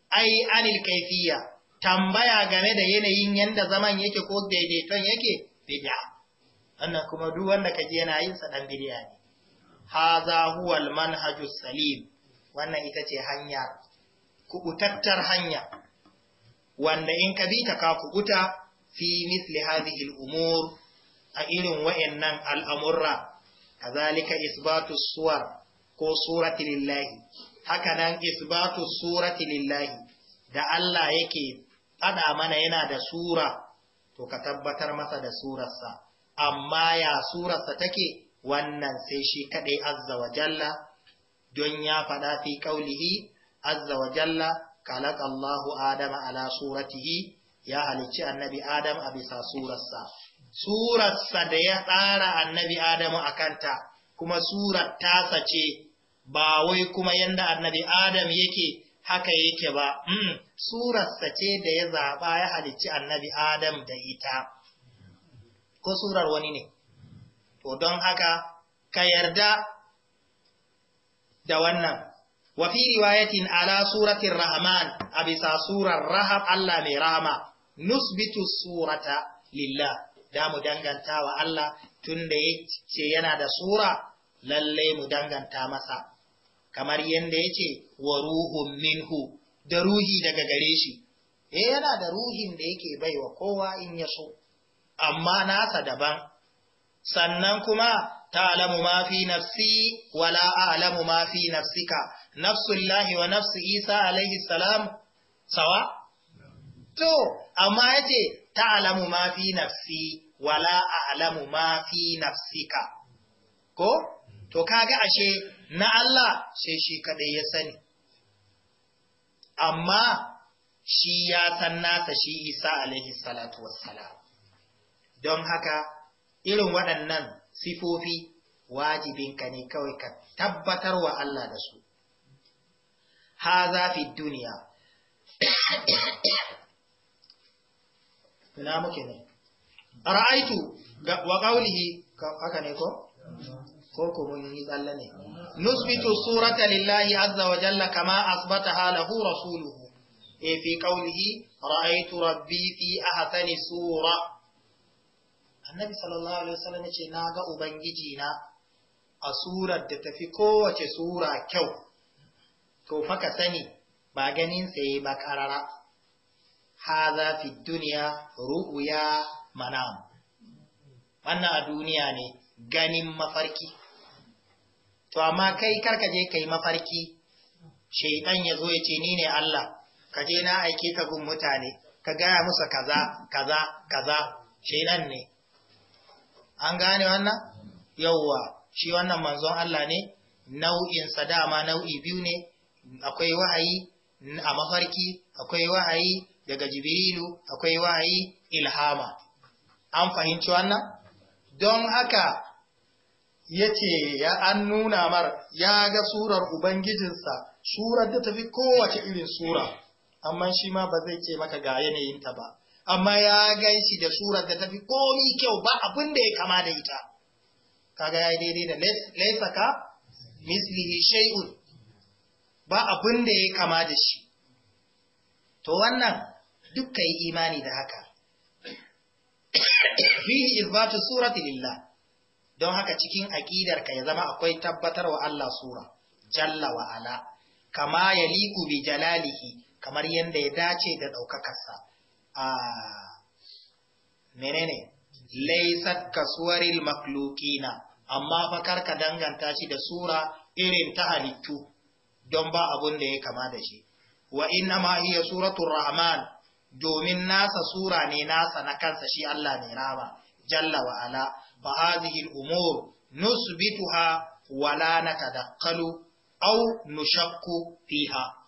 ai anil kayfiyya tambaya game da yanayin yanda zaman yake ko daidaiton yake bid'a annan kuma duk wanda kaje yana yin sa dan bid'a ne haza huwa al manhajus salim wannan ita ce hanya kubutattar hanya wanda in ka bi ta ka kubuta fi misli hadhihi al-umur a irin wayannan al'amurra kazalika isbatu suwar ko surati lillahi hakanan isbatu surati lillahi da Allah yake faɗa mana yana da sura to ka tabbatar masa da surarsa amma ya surarsa take wannan sai shi kadai azza wa jalla don ya faɗa fi ƙaulihi azza wa jalla Allahu Adama ala suratihi ya halicci annabi Adam a bisa surarsa surarsa da ya tsara annabi Adamu a kanta kuma surar tasa ce ba wai kuma yanda annabi Adam yake haka yake ba mm, surarsa ce da ya zaɓa ya halicci annabi Adam da ita ko surar wani ne to don haka ka yarda da wannan wa fi riwayatin ala suratin rahman a bisa surar rahab Allah mai rahama nusbitu surata lillah da mu danganta wa Allah tun da ya ce yana da sura lalle mu danganta masa kamar yadda ya ce wa ruhun minhu da ruhi daga gare shi eh yana da ruhin da yake baiwa kowa in ya so amma nasa daban sannan kuma ta'lamu ma fi nafsi wa a'lamu ma fi nafsika nafsullahi wa nafsu Isa alaihi salam sawa to amma yace ta ma fi nafsi wa a'lamu ma fi nafsika ko to kaga ashe na Allah sai shi kadai ya sani amma shi ya san nasa shi Isa alaihi salatu wassalam don haka irin waɗannan sifofi wajibinka ne kawai ka tabbatar wa Allah da su. Ha zafi duniya. Tuna muke ne. Ra'aitu wa ƙaunihi, haka ne ko? Ko mun yi tsalle ne. Nusbitu surata lillahi azza wa jalla kama asbata halahu rasuluhu. E fi ƙaunihi, ra'aitu rabbi fi a ahsani sura. annabi sallallahu alaihi wasallam ya ce na ga ubangiji na a surar da tafi kowace sura kyau to fa ka sani ba ganin sai ba karara hadha fi duniya ru'ya manam wannan a duniya ne ganin mafarki to amma kai karka je kai mafarki shaitan ya zo ya ce ni ne Allah ka je na aike ka gun mutane ka gaya musu kaza kaza kaza shaitan ne an gane wannan yawwa shi wannan manzon Allah ne nau'insa dama nau'i biyu ne akwai wahayi a mafarki akwai wahayi daga jibrilu akwai wahayi ilhama an fahimci wannan don haka yace ya an nuna mar ya ga surar ubangijinsa surar da tafi kowace irin sura amma shi ma ba zai ce maka ga yanayinta ba amma ya gan shi da surar da tafi komi kyau ba abin da ya kama da ita kaga ya yi daidai da ka mislihi shay'un ba abin da ya kama da shi to wannan duk yi imani da haka fihi ilbatu surati lillah don haka cikin aƙidarka ya zama akwai tabbatar wa Allah sura, jalla wa ala, kama ya liku bi jalalihi, kamar yadda ya dace da ɗaukakarsa, a menene laisat kasuwaril maklukina amma fa ka danganta shi da sura irin ta halittu don ba abun da ya kama da shi wa inna ma hiya suratul rahman domin nasa sura ne nasa na kansa shi Allah ne rama jalla wa ala ba hadhihi umur nusbituha wala natadakkalu aw nushakku fiha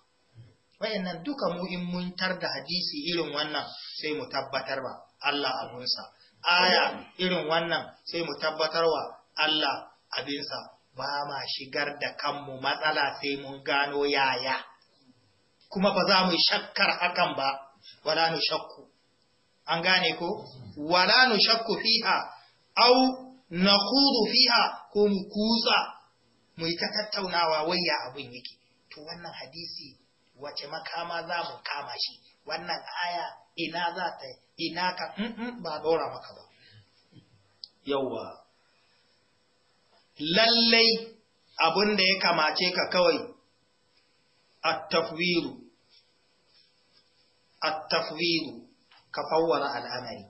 wayannan duka mu in mun tar da hadisi irin wannan sai mu tabbatar ba Allah abunsa aya irin wannan sai mu tabbatar wa Allah abinsa ba ma shigar da kanmu matsala sai mun gano yaya kuma ba za mu shakkar hakan ba wala nu shakku an gane ko wala nu shakku fiha au naqudu fiha ko mu kusa mu yi ta tattaunawa wai ya abun yake to wannan hadisi wace makama za mu kama shi wannan aya ina za ta ina ka ba dora maka ba yauwa lallai abin da ya kamace ka kawai at-tafwiru at-tafwiru ka fawwara al'amari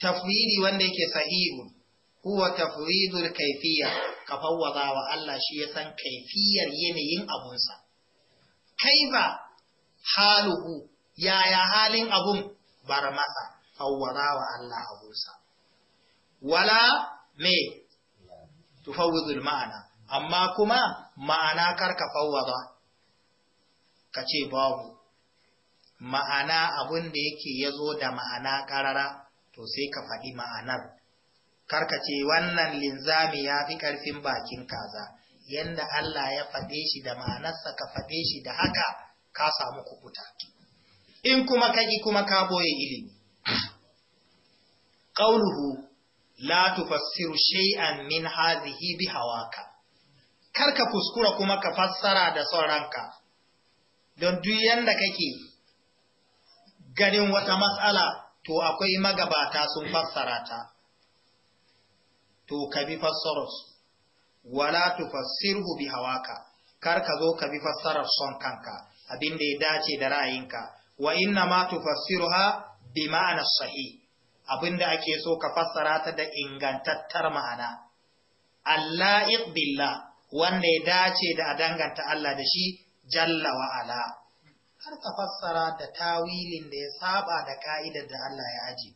tafwiri wanda yake sahihu huwa tafwidul kayfiyya ka fawwara wa Allah shi ya san kaifiyar yanayin abunsa kaifa haluhu yaya halin abun bar masa fawwara wa Allah abunsa wala me tufawwidul ma'ana amma kuma ma'ana karka fawwara kace babu ma'ana abun da yake yazo da ma'ana karara to sai ka faɗi ma'anar karka ce wannan linzami ya fi ƙarfin bakin kaza yanda Allah ya faɗe shi da ma'anarsa ka faɗe shi da haka ka samu kubuta in kuma kaki kuma ka boye ilimi qauluhu la tufassiru shay'an min hadhihi bi hawaka ka kuskura kuma ka fassara da sauranka. ranka don duk yanda kake ganin wata matsala to akwai magabata sun fassara ta to ka bi fassararsu wala tufassirhu bi hawaka kar ka zo ka bi fassarar son kanka abin da ya dace da ra'ayinka wa inna ma tufassiruha bi ma'ana sahih abin da ake so ka fassara ta da ingantattar ma'ana Allah billah wanda ya dace da a danganta Allah da shi jalla wa ala har ka fassara da tawilin da ya saba da ka'idar da Allah ya aji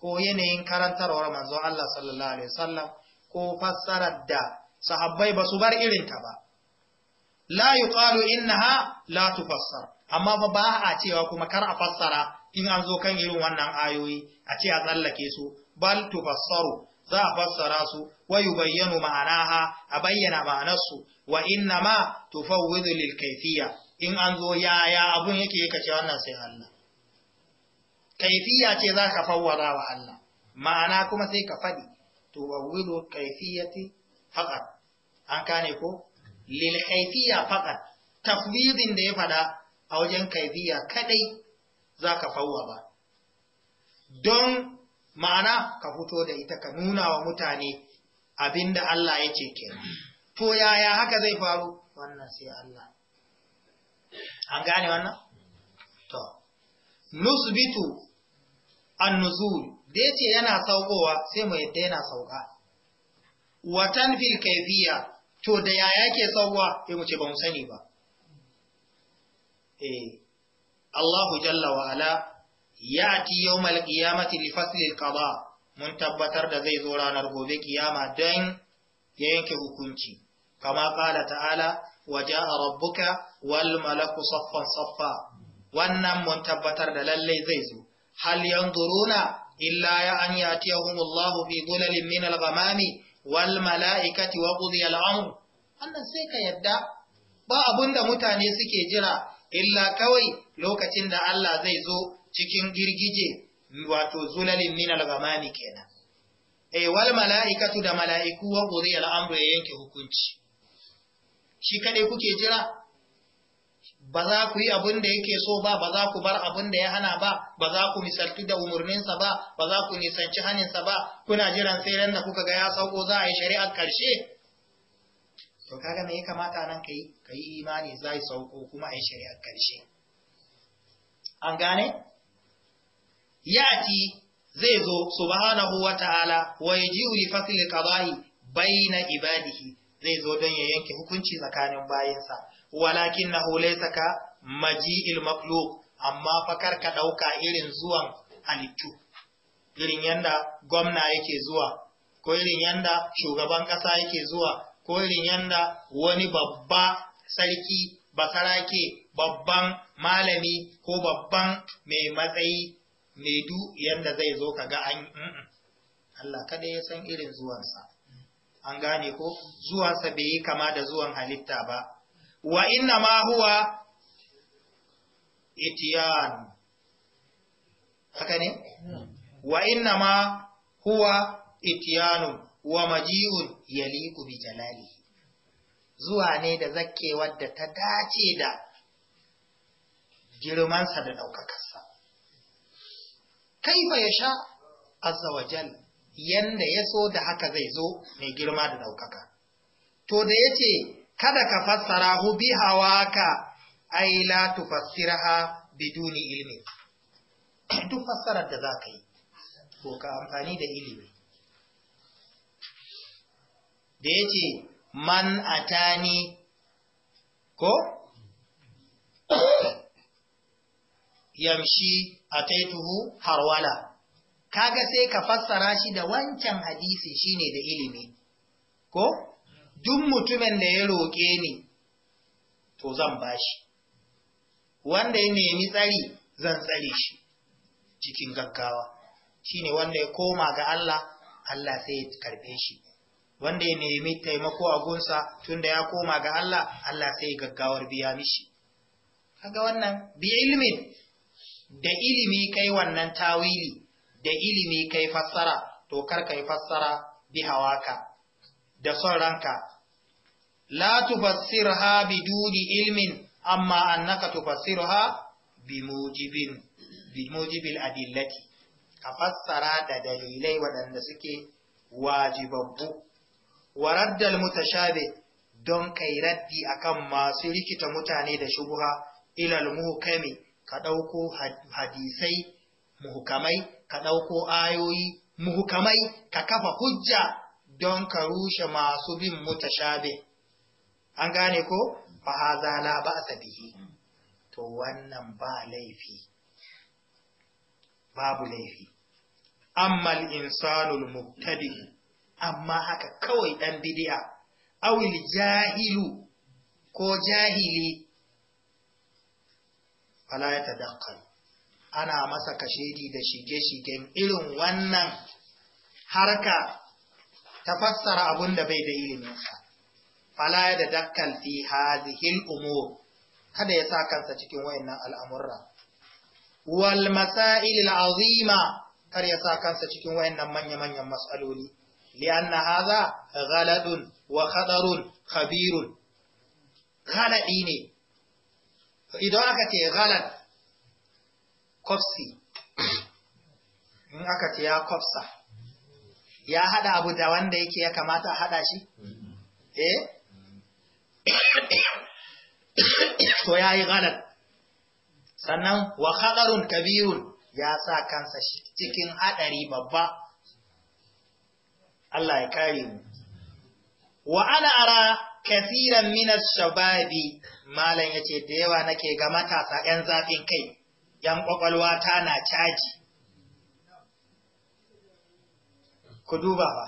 ko yanayin karantarwar manzo Allah sallallahu alaihi wasallam ko fassarar da sahabbai ba su bar ta ba la yuqalu innaha la tufassar amma ba a cewa kuma kar a fassara in an zo kan irin wannan ayoyi a ce a tsallake su bal tufassaru za a fassara su wa ma'ana ha! a bayyana ma'anarsu wa inna ma tufawwidu lil in an zo yaya abun yake yake ce wannan sai Allah kayfiyya ce za ka fawwara wa Allah ma'ana kuma sai ka fadi tufawwidu kayfiyati faqat an kane ko lil kaifiya faqat tafwidin da ya fada a wajen kaifiya kadai zaka fawwa ba don ma'ana ka fito da ita ka nuna wa mutane abinda Allah ya ce ke to yaya haka zai faru wannan sai Allah an gane wannan to nusbitu an-nuzul da yace yana saukowa sai mu yadda yana sauka watan fil kaifiya to da yaya ke tsawwa sai mu ce ba mu sani ba eh Allahu jalla wa ala yati yawmal qiyamati li fasli al qada mun tabbatar da zai zo ranar gobe kiyama dan yanke hukunci kama qala ta'ala waja'a rabbuka wal malaku saffan saffa wannan mun tabbatar da lalle zai zo hal yanzuruna illa ya an yatiyahumullahu fi dhulalin min al-ghamami wal mala'ikati wa qudiya al-amr wannan sai ka yadda ba abinda mutane suke jira illa kawai lokacin da Allah zai zo cikin girgije wato zulalin min al gamani kenan eh wal mala'ikatu da mala'iku wa qudiya al-amr yanke hukunci shi kaɗai kuke jira ba za ku yi abin da yake so ba ba za ku bar abin da ya hana ba ba za ku misaltu da umarninsa ba ba za ku nisanci haninsa ba kuna jiran sai ran da kuka ga ya sauko za a yi shari'ar karshe to kaga me ya kamata nan kai kai imani za yi sauko kuma a yi shari'ar karshe an gane yati zai zo subhanahu ta'ala wa yaji'u li fasli qada'i bayna ibadihi zai zo don ya yanke hukunci tsakanin bayinsa walakinahu laysa ka maji'il makhluq amma fa kar ka dauka irin zuwan halittu irin yanda gwamna yake zuwa ko irin yanda shugaban kasa yake zuwa ko irin yanda wani babba sarki basarake babban malami ko babban mai matsayi mai du yanda zai zo kaga an Allah kada ya san irin zuwansa an gane ko zuwansa bai yi kama da zuwan halitta ba wa inna ma huwa itiyan haka wa inna ma huwa itiyanu wa maji'un yaliku bi jalali zuwa ne da zakke da ta dace da girmansa da ɗaukakarsa kaifa ya sha azza yanda ya so da haka zai zo mai girma da ɗaukaka to da yace kada ka fassara hu bi hawaka ai la tufassiraha biduni ilmi duk fassarar da za ka yi ko ka amfani da ilimi da yace ce man atani ko yamshi ataituhu harwala kaga sai ka fassara shi da wancan hadisi shine da ilimi ko duk mutumin da ya roƙe ni to zan bashi wanda ya nemi tsari zan tsari shi cikin gaggawa Shi ne wanda ya koma ga Allah Allah sai ya karbe shi wanda ya nemi taimako a gunsa tunda ya koma ga Allah Allah sai ya gaggawar biya mishi kaga wannan bi ilimin. da ilimi kai wannan tawili da ilimi kai fassara to kar kai fassara bi hawaka da son ranka la tufassirha biduni ilmin amma annaka ha bimujibin bimujibil adillati ka fassara da dalilai waɗanda suke wajibabbu wa raddal mutashabi don kai raddi akan masu rikita mutane da shubuha ilal muhkami ka ɗauko hadisai muhkamai ka ɗauko ayoyi muhukamai ka kafa hujja don ka rushe masu bin mutashabih an gane ko fa haza la ba'sa bihi to wannan ba laifi babu laifi amma al-insanu mubtadi amma haka kawai dan bid'a aw jahilu ko jahili fala ya ana masa kashedi da shige-shigen irin wannan harka ta abun da bai da iliminsa fala ya da dakkal fi hazihil umur kada ya sa kansa cikin wayannan al'amurra wal masail al azima kar ya sa kansa cikin wayannan manya-manyan mas'aloli li'anna hadha galadun, wa khadarun khabirun ghaladi ne idan aka ce ghalad kofsi in aka ce ya kofsa ya haɗa abu da wanda yake ya kamata a haɗa shi? Eh? To ya yi galar. Sannan wa haɗarun kabirun ya sa kansa cikin haɗari babba. Allah ya kare mu. Wa ana ara kasiran minas shababi, Malam ya ce da yawa nake ga matasa ‘yan zafin kai, ‘yan ƙwaƙwalwa ta na caji. ku duba ba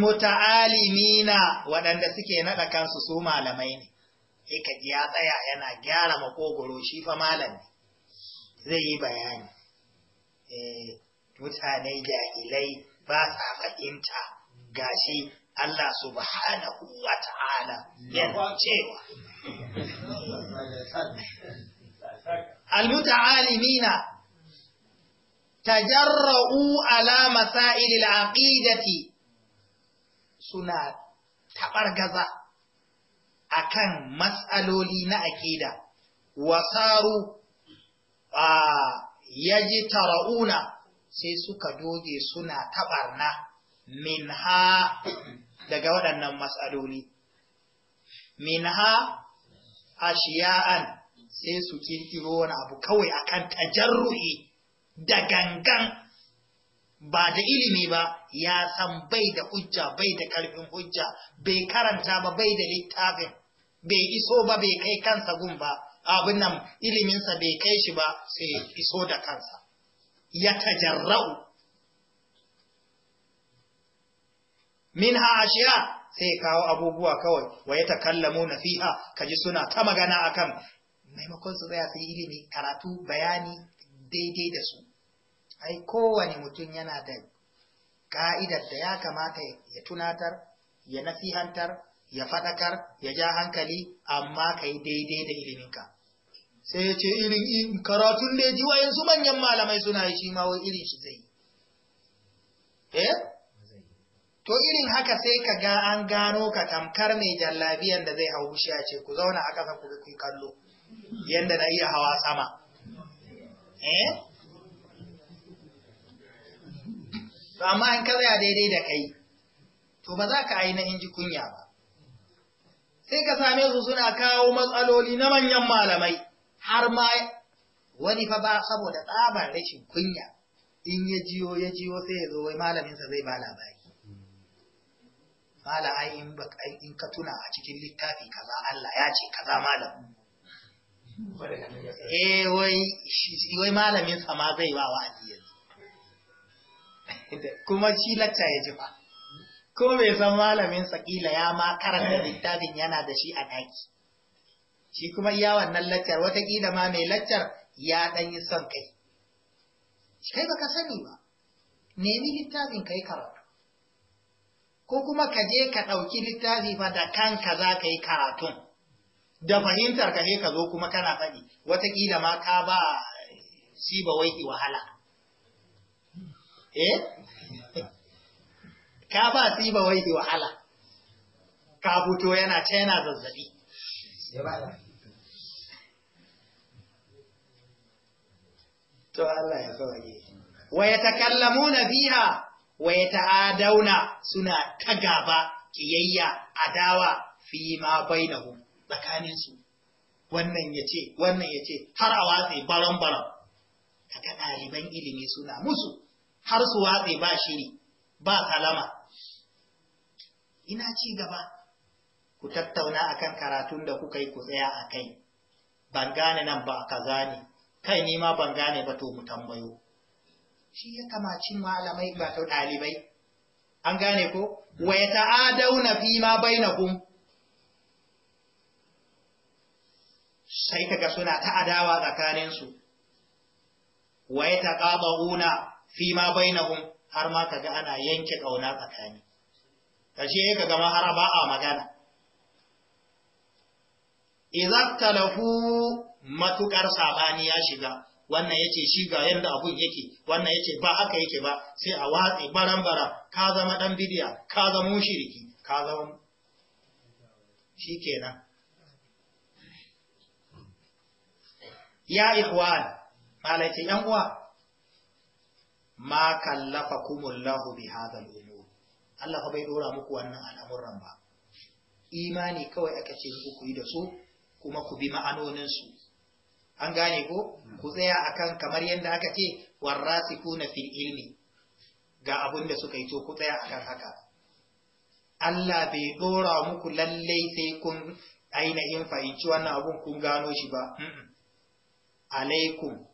mutaalimina waɗanda suke naɗa kansu su malamai ne sai ka ji ya tsaya yana gyara makogoro shi fa malami zai yi bayani eh mutane jahilai ba sa fahimta gashi Allah subhanahu wa ta'ala yana cewa almuta'alimina tajarra'u ala masailil aqidati suna tabargaza akan matsaloli na aqida wasaru a yaji tara'una sai suka doge suna taɓarna minha daga waɗannan matsaloli. Minha ashiya'an sai su kirkiro wani abu kawai akan tajarru'i da gangan ba da ilimi ba ya san bai da hujja bai da ƙarfin hujja bai karanta ba bai da littafin bai iso ba bai kai kansa gun ba abin nan iliminsa bai kai shi ba sai iso da kansa ya tajarra'u min ha ashiya sai kawo abubuwa kawai wa ya takallamu na fiha kaji suna ta magana akan maimakon su tsaya su yi ilimi karatu bayani daidai da su ai kowane mutum yana da ka'idar da ya kamata ya tunatar ya nasihantar ya faɗakar ya ja hankali amma ka yi daidai da iliminka sai ce irin karatun da ya ji wayansu manyan malamai suna yi shi ma irin shi zai eh? to irin haka sai ka ga an gano ka tamkar mai jallabiyan da zai hau shi ya ce ku zauna a ƙasa ku kallo yadda na iya hawa sama eh? to amma in ka tsaya daidai da kai to ba za ka ainihin ji kunya ba sai ka same su suna kawo matsaloli na manyan malamai har ma wani fa ba saboda tsabar rashin kunya in ya jiyo ya jiyo sai ya zo wai malaminsa zai ba labari mala ai in ba in ka tuna a cikin littafi kaza Allah ya ce kaza malam eh wai wai malamin sa ma zai wa wa'azi kuma shi lacca ya ji ko bai san malamin sakila ya ma karanta eh. littafin yana da shi a daki shi kuma iya wannan laccar watakila ma mai laccar ya dan yi son kai kai baka sani ba nemi littafin kai karatu ko kuma ka je ka ɗauki littafi fa da kanka za ka yi karatun da fahimtar ka ne ka zo kuma kana faɗi watakila ma ka ba shi ba wai wahala eh ka ba tsiba wai da wahala ka buto yana ta yana zazzabi to Allah ya sauke wa na biha wa ta'adauna suna ta gaba kiyayya adawa fi ma bainahum tsakanin su wannan yace wannan yace har a watsi baron baran kaga ɗaliban ilimi suna musu har su watsa ba shiri ba kalama ina ci gaba ku tattauna akan karatun da kuka yi ku tsaya a kai ban gane nan ba kaza ne kai ni ma ban gane ba to mu tambayo shi ya kamaci malamai ba ta ɗalibai an gane ko wa ya ta'adauna fi ma bainakum sai kaga suna ta'adawa tsakaninsu wa ya taqabuna fi ma hun, har ma ka ga ana yanke ƙauna tsakani karshe ya kaga gama har ba a magana idza talahu matuƙar sabani ya shiga wannan yace shi ga yadda abun yake wannan yace ba haka yake ba sai a watsi barambara ka zama ɗan bidiya ka zama shiriki, ka zama shi kenan. ya ikhwan malaikai yan uwa ma kallafa kumullahu bi al umur Allah fa bai dora muku wannan al'amuran ba imani kawai aka ce ku ku yi da su kuma ku bi ma'anonin su an gane ko ku tsaya akan kamar yadda aka ce warrasikuna fil ilmi ga abun da suka yi to ku tsaya akan haka Allah bai dora muku lallai sai kun ainihin fahimci wannan abun kun gano shi ba alaikum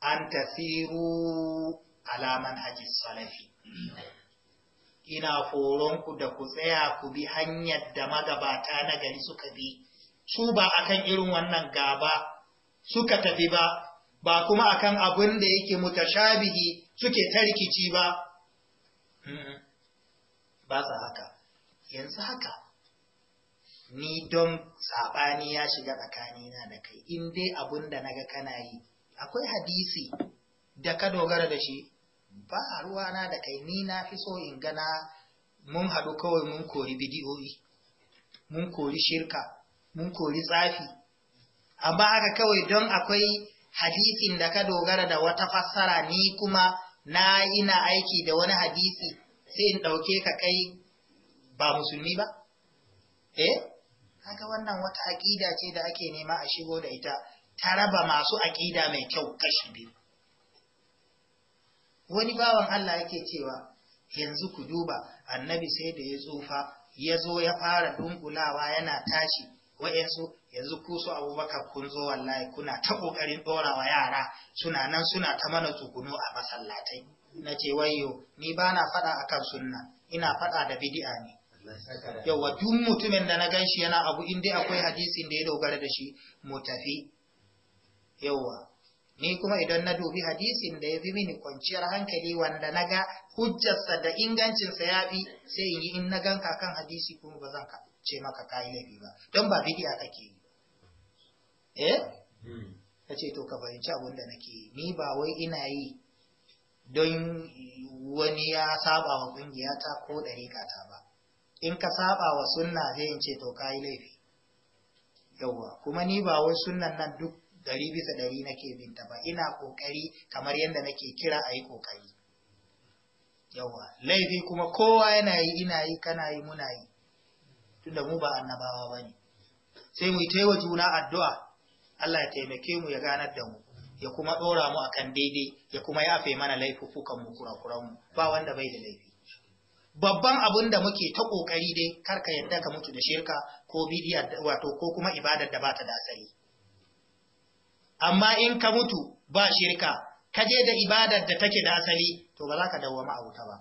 an tasiru alaman haji salafi ina ku da ku tsaya ku bi hanyar da magabata na gari suka bi su ba akan irin wannan gaba suka tafi ba ba kuma akan abin da yake mutashabihi suke tarkici ba ba sa haka yanzu haka ni don saɓani ya shiga tsakanina da kai in dai abun da naga kana yi akwai hadisi da ka dogara da shi ba ruwana da kai ni na fi so in gana mun haɗu kawai mun kori bidiyoyi mun kori shirka mun kori tsafi amma haka kawai don akwai hadisin da ka dogara da wata fassara ni kuma na ina aiki da wani hadisi sai in ɗauke ka kai ba musulmi ba eh haka wannan wata aƙida ce da ake nema a shigo da ita ta raba masu aƙida mai kyau kashi biyu wani bawan Allah yake cewa yanzu ku duba annabi sai da ya tsufa ya zo ya fara dunkulawa yana tashi wa'yansu yanzu ku su abubakar kun zo wallahi kuna ta ƙoƙarin ɗorawa yara suna nan suna ta mana tsugunu a masallatai na ce wayo ni ba na faɗa a kan sunna ina faɗa da bidi'a ne yawa duk mutumin da na ganshi yana abu inda akwai hadisin da ya dogara da shi mu tafi yawa ni kuma idan na dubi hadisin da ya fi mini kwanciyar hankali wanda na ga hujjarsa da ingancinsa ya fi sai in yi in na ka kan hadisi kuma ba zan ce maka kayi laifi ba don ba bidiya kake yi eh hmm. ka ce to ka fahimci abin da nake yi ni ba wai ina yi don wani ya saba wa ta ko ɗariƙata ba in ka saba wa sunna zai in ce to kayi laifi yawwa kuma ni ba wai sunnan nan duk ɗari bisa ɗari nake binta ba ina kokari kamar yadda nake kira ayi yi ƙoƙari yawa laifi kuma kowa yana yi ina yi kana yi muna yi tunda mu ba annabawa ba ne sai mu yi taiwa juna addu'a Allah ya taimake mu ya ganar da mu ya kuma ɗora mu akan daidai ya kuma ya afe mana laifuffukan mu kurakuran mu ba wanda bai da laifi babban abin da muke ta ƙoƙari dai karka yadda ka mutu da shirka ko bidiyar wato ko kuma ibadar da ba ta da asali amma in ka mutu ba shirka ka je da ibadar da take da asali to ba za ka dawo a wuta ba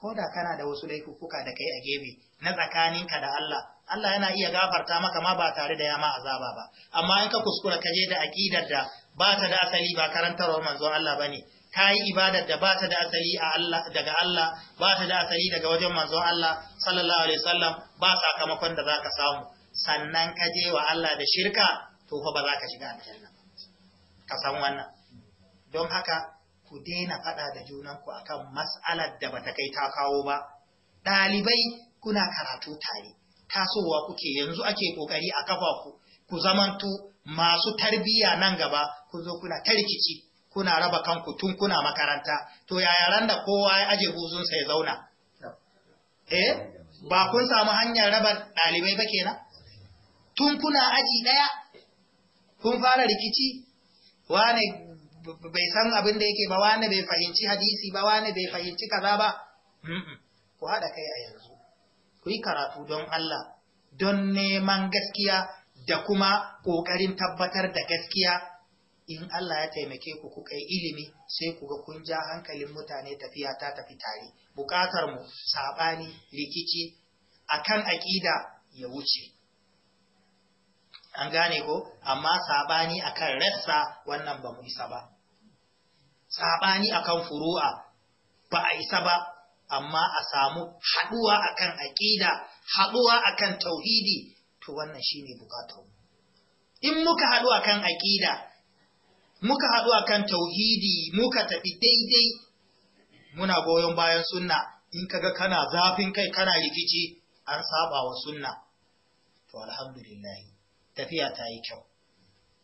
ko da kana da wasu laifuka da kai a gebe na tsakaninka da Allah Allah yana iya gafarta maka ma ba tare da yama azaba ba amma in ka kuskura ka je da aqidar da ba ta da asali ba karantarwar manzo Allah ba ne, ka yi ibadar da ba ta da asali daga Allah ba ta da asali daga wajen manzon Allah sallallahu alaihi wasallam ba sakamakon da za ka samu sannan ka je wa Allah da shirka to fa ba za ka shiga aljanna ka san wannan don haka ku daina faɗa da junanku akan mas'alar da bata kai ta kawo ba ɗalibai kuna karatu tare tasowa kuke yanzu ake kokari a kafa ku ku zamanto masu tarbiyya nan gaba ku zo kuna tarkici kuna raba kanku tun kuna makaranta to yaya ran da kowa ya aje buzun ya zauna eh ba kun samu hanyar raba ɗalibai ba kenan tun kuna aji ɗaya kun fara rikici wane bai san abin da yake ba wane bai fahimci hadisi ba wane bai fahimci kaza ba ku haɗa kai a yanzu ku yi karatu don Allah don neman gaskiya da kuma ƙoƙarin tabbatar da gaskiya in Allah ya taimake ku ku kai ilimi sai ku ga kun ja hankalin mutane tafiya ta tafi tare buƙatar mu saɓani rikici akan aƙida ya wuce an gane ko amma sabani akan rassa wannan ba mu isa ba sabani akan furu'a ba a isa ba amma a samu haduwa akan aqida haduwa akan tauhidi to wannan shine mu in muka haɗu akan aqida muka haɗu akan tauhidi muka tafi daidai muna goyon bayan sunna in kaga kana zafin kai kana rikici an saba wa sunna to alhamdulillah tafiya ta yi kyau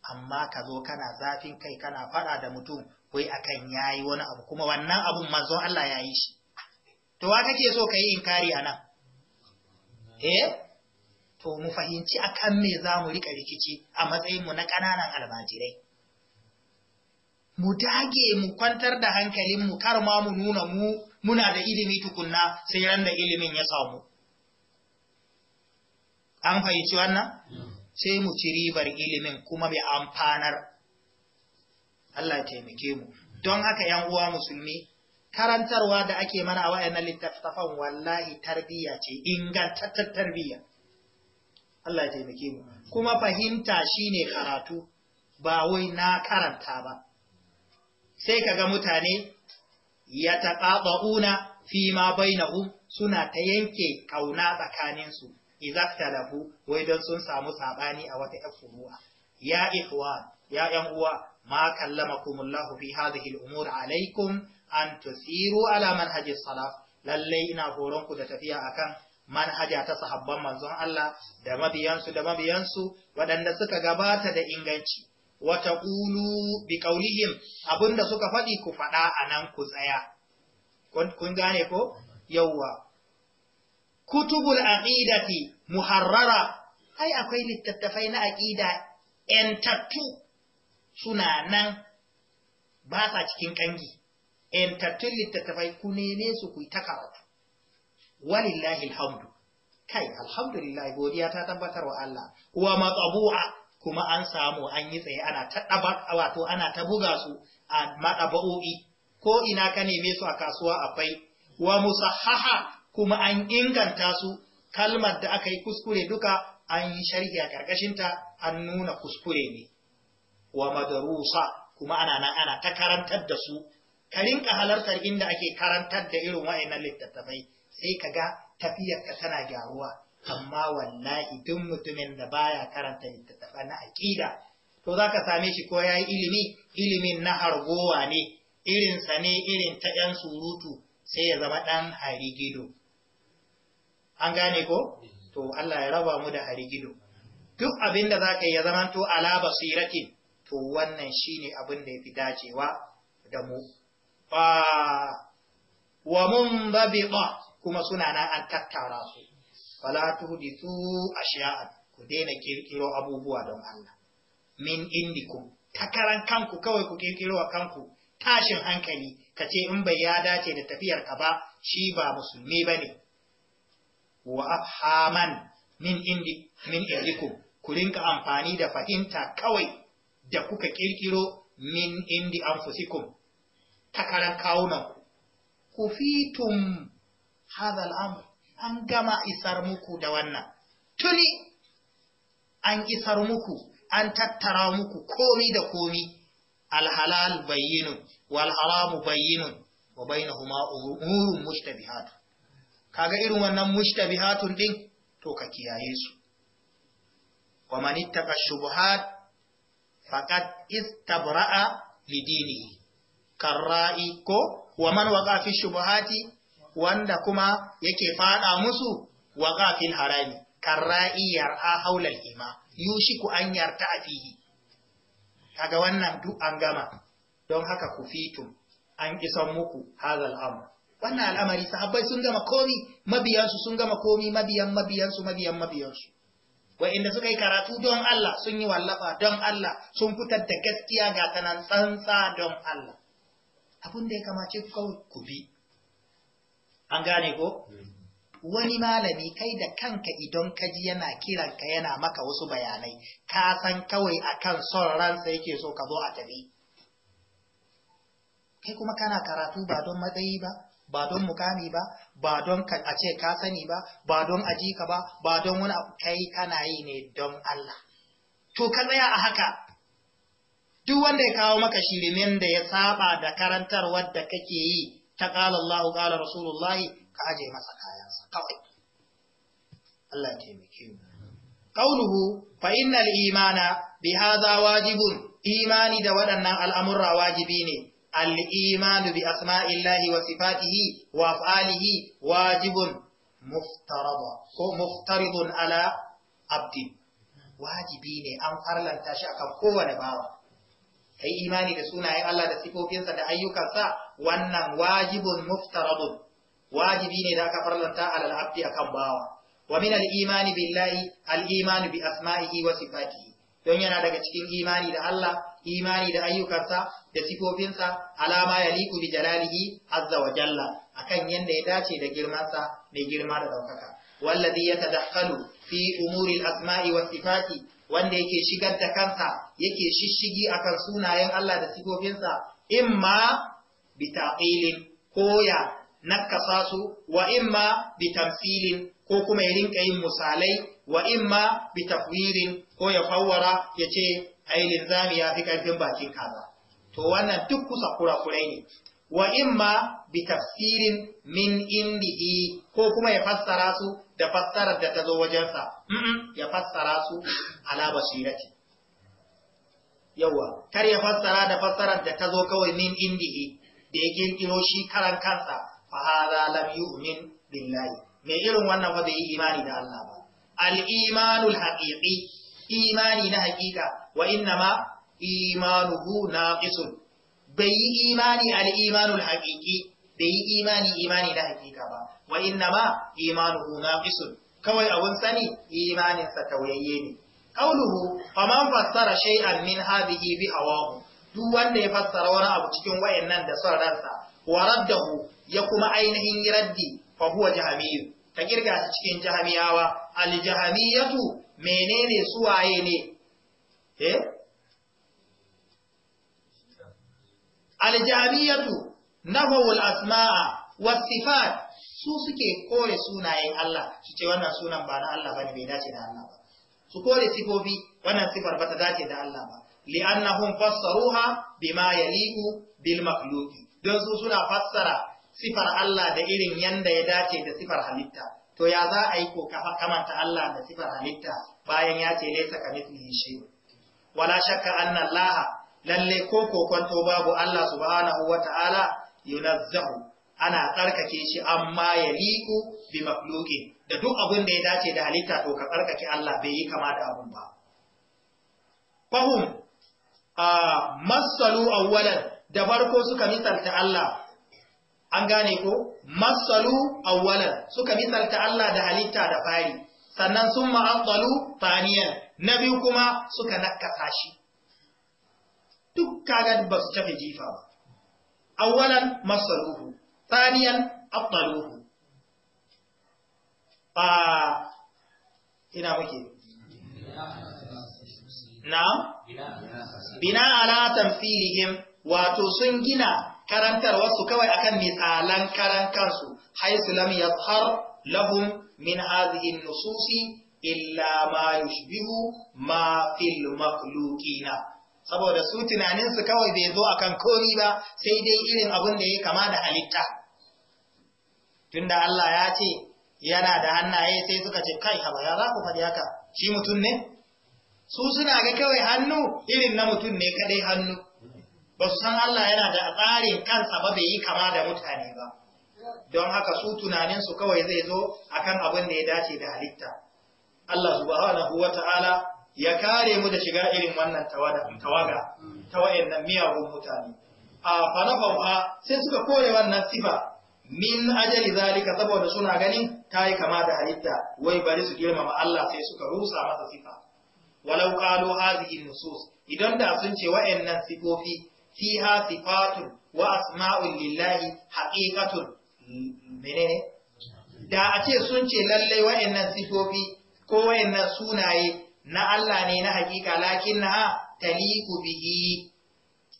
amma ka zo kana zafin kai kana faɗa da mutum wai akan yayi wani abu kuma wannan abun manzo Allah ya yi shi to wa kake so ka yi inkari anan eh to mu fahimci akan me za mu rika rikici a matsayin mu na ƙananan almajirai mu dage mu kwantar da hankalin mu kar ma mu nuna mu muna da ilimi tukunna sai ran da ilimin ya samu an fahimci wannan sai mu ci ribar ilimin kuma mai amfanar Allah taimake mu don haka yan uwa musulmi karantarwa da ake mana a wayannan littattafan wallahi tarbiya ce ingantattar tarbiyya Allah taimake mu kuma fahimta shine karatu ba wai na karanta ba sai kaga mutane ya taqaba'una fi ma bainahum suna ta yanke kauna tsakaninsu izaktalafu wai don sun samu sabani a wata ƴan furu'a ya ikhwan ya uwa ma kallamakumullahu fi hadhihi al-umur alaikum an tusiru ala manhaji salaf lallai ina horon ku da tafiya akan manhaja ta sahabban manzon Allah da mabiyansu da mabiyansu waɗanda suka gabata da inganci wata ƙulu bi ƙaunihim abinda suka faɗi ku faɗa a nan ku tsaya. Kun gane ko? Yauwa, kutubul aqidati muharrara ai akwai littattafai na aqida entattu suna nan ba sa cikin kangi entattun littattafai ku ne su ku ta karatu walillahi alhamdu kai alhamdulillah godiya ta tabbatar wa Allah wa matsabu'a kuma an samu an yi tsaye ana ta daba wato ana ta buga su a madaba'o'i ko ina ka neme su a kasuwa akwai wa musahaha kuma an inganta su kalmar da aka yi kuskure duka an yi sharhi a ƙarƙashinta an nuna kuskure ne wa madarusa kuma ana nan ana ta karantar da su ka rinka halartar inda ake karantar da irin wa'annan littattafai sai ka ga tafiyarka tana gyaruwa amma wallahi duk mutumin da baya karanta littattafai na aƙida to za ka same shi ko ya yi ilimi ilimin na hargowa ne irinsa ne irin ta 'yan surutu sai ya zama ɗan harigido an gane ko to Allah ya raba mu da harigido duk abin da za ka yi ya zamanto ala basiratin to wannan shine abin da ya fi dacewa da mu wa mun babiɗa kuma suna na an tattara su fala a ashya'an ku daina kirkiro abubuwa don Allah min indiku, takaran kanku kawai ku kirkiro wa kanku tashin hankali kace in bai ya dace da tafiyar ka ba shi ba musulmi bane wa haman min indi min indikum ku rinka amfani da fahimta kawai da kuka kirkiro min indi anfusikum takaran kawunan ku fitum hadha al'amr an gama isar muku da wannan tuni an isar muku an tattara muku komi da komi alhalal bayyinun wal haramu bayyinun wa bainahuma umurun mushtabihat kaga irin wannan mushtabihatun din to ka kiyaye su wa man ittaqa shubuhat faqad istabra'a li dinihi karra'i ko wa man waqa fi shubuhati wanda kuma yake fada musu waqa fil harami karra'i yar'a haula al-hima yushiku an yarta fihi kaga wannan duk an gama don haka ku fitu an isan muku hazal amr wannan al'amari sahabbai sun gama komi mabiyansu sun gama komi mabiyan mabiyansu mabiyan mabiyansu wa'inda suka yi karatu don Allah sun yi wallafa don Allah sun fitar da gaskiya ga tanan tsantsa don Allah abin da ya kamace kawai ku bi an gane ko wani malami kai da kanka idan ka ji yana kiranka yana maka wasu bayanai ka san kawai akan son ransa yake so ka zo a tafi kai kuma kana karatu ba don matsayi ba ba don mukami ba ba don a ce ka sani ba ba don aji ka ba ba don wani abu kai kana yi ne don Allah to ka tsaya a haka duk wanda ya kawo maka shirimin da ya saba da karantarwar da kake yi ta qala Allah qala Rasulullahi ka aje masa kayan sa kawai Allah ya taimake mu qauluhu fa innal imana bi hadha wajibun imani da waɗannan al'amurra wajibi ne الإيمان بأسماء الله وصفاته وأفعاله واجب مفترض مفترض على عبد ne an farlanta shi akan kowane bawa kai imani da sunayen Allah da sifofinsa da ayyukansa wannan wajibun muftaradun wajibi ne da aka farlanta alal akan bawa wa min al imani billahi al imani bi asma'ihi wa sifatihi don yana daga cikin imani da Allah imani da ayyukansa da sifofinsa alama ya liku bi jalalihi azza wa jalla akan yanda ya dace da girmansa mai girma da daukaka wallazi yatadakhalu fi umuri al-asma'i was sifati wanda yake shigar da kansa yake shishigi akan sunayen Allah da sifofinsa imma bi ko koya nakasa su wa imma bi tamsilin ko kuma ya rinka yin misalai wa imma bi tafwirin ko ya fawwara ya ce ai ya fi karfin bakin kaza to wannan duk kusa kurai ne wa imma bi tafsirin min indihi ko kuma ya fassara su da fassarar da ta zo wajensa ya fassara su ala basirati yawa kar ya fassara da fassarar da ta zo kawai min indihi da ya kirkiro shi karan kansa fa hadha lam yu'min billahi me irin wannan ba zai yi imani da Allah ba al imanul haqiqi imani na haqiqa wa inna ma imanuhu naqisun bai yi imani al-imanul haqiqi bai yi imani imani na hakika ba wa innama imanuhu naqisun kawai abun sani imaninsa tauyayye ne qauluhu faman fassara shay'an min hadhihi bi hawahu duk wanda ya fassara wani abu cikin wayannan da son ransa wa raddahu ya kuma ainihin raddi fa huwa jahamiyyu ka kirga su cikin jahamiyawa al jahamiyatu menene suwaye ne eh aljamiyatu nahawul asma'a was su suke kore sunayen Allah su ce wannan sunan ba na Allah bane bai dace da Allah ba su kore sifofi wannan sifar ba ta dace da Allah ba li'annahum fassaruha bima yaliqu bil makhluqi don su suna fassara sifar Allah da irin yanda ya dace da sifar halitta to ya za a yi ko kamanta Allah da sifar halitta bayan ya ce laisa ka shay wala shakka anna Allah lalle ko kokonto babu Allah subhanahu Ta'ala, yunazzahu ana tsarkake shi amma ya liku bi makhluqin da duk abin da ya dace da halitta to ka tsarkake Allah bai yi kama da abun ba fahum a masalu awwalan da farko suka misalta Allah an gane ko masalu awwalan suka misalta Allah da halitta da fari sannan sun ma'azzalu taniyan na biyu kuma suka nakasa shi duk kaga ba su tafi jifa ba awwalan masaruhu thaniyan abtaluhu a ina muke na bina ala tamfilihim wato sun gina karantarwarsu kawai akan misalan karan kansu haisu lam yadhhar lahum min hadhihi nususi illa ma yushbihu ma fil makhluqina saboda su tunaninsu kawai bai zo akan kori ba sai dai irin abin da ya kama da halitta tunda Allah ya ce yana da hannaye sai suka ce kai haba ya za ku faɗi haka shi mutum ne su suna ga kawai hannu irin na mutum ne kadai hannu ba su san Allah yana da tsarin kansa ba bai yi kama da mutane ba don haka su tunaninsu kawai zai zo akan abin da ya dace da halitta Allah subhanahu wa ta'ala ya kare mu da shiga irin wannan tawaga ta wayannan miyagun mutane a fanafawa sai suka kore wannan sifa min ajali zalika saboda suna ganin ta yi kama da halitta wai bari su girmama Allah sai suka rusa masa sifa walau qalu hadhihi nusus idan da sun ce wayannan sifofi fiha sifatun wa asma'un lillahi haqiqatun menene da a ce sun ce lallai wayannan sifofi ko wayannan sunaye na Allah ne na hakika lakin na taliku bihi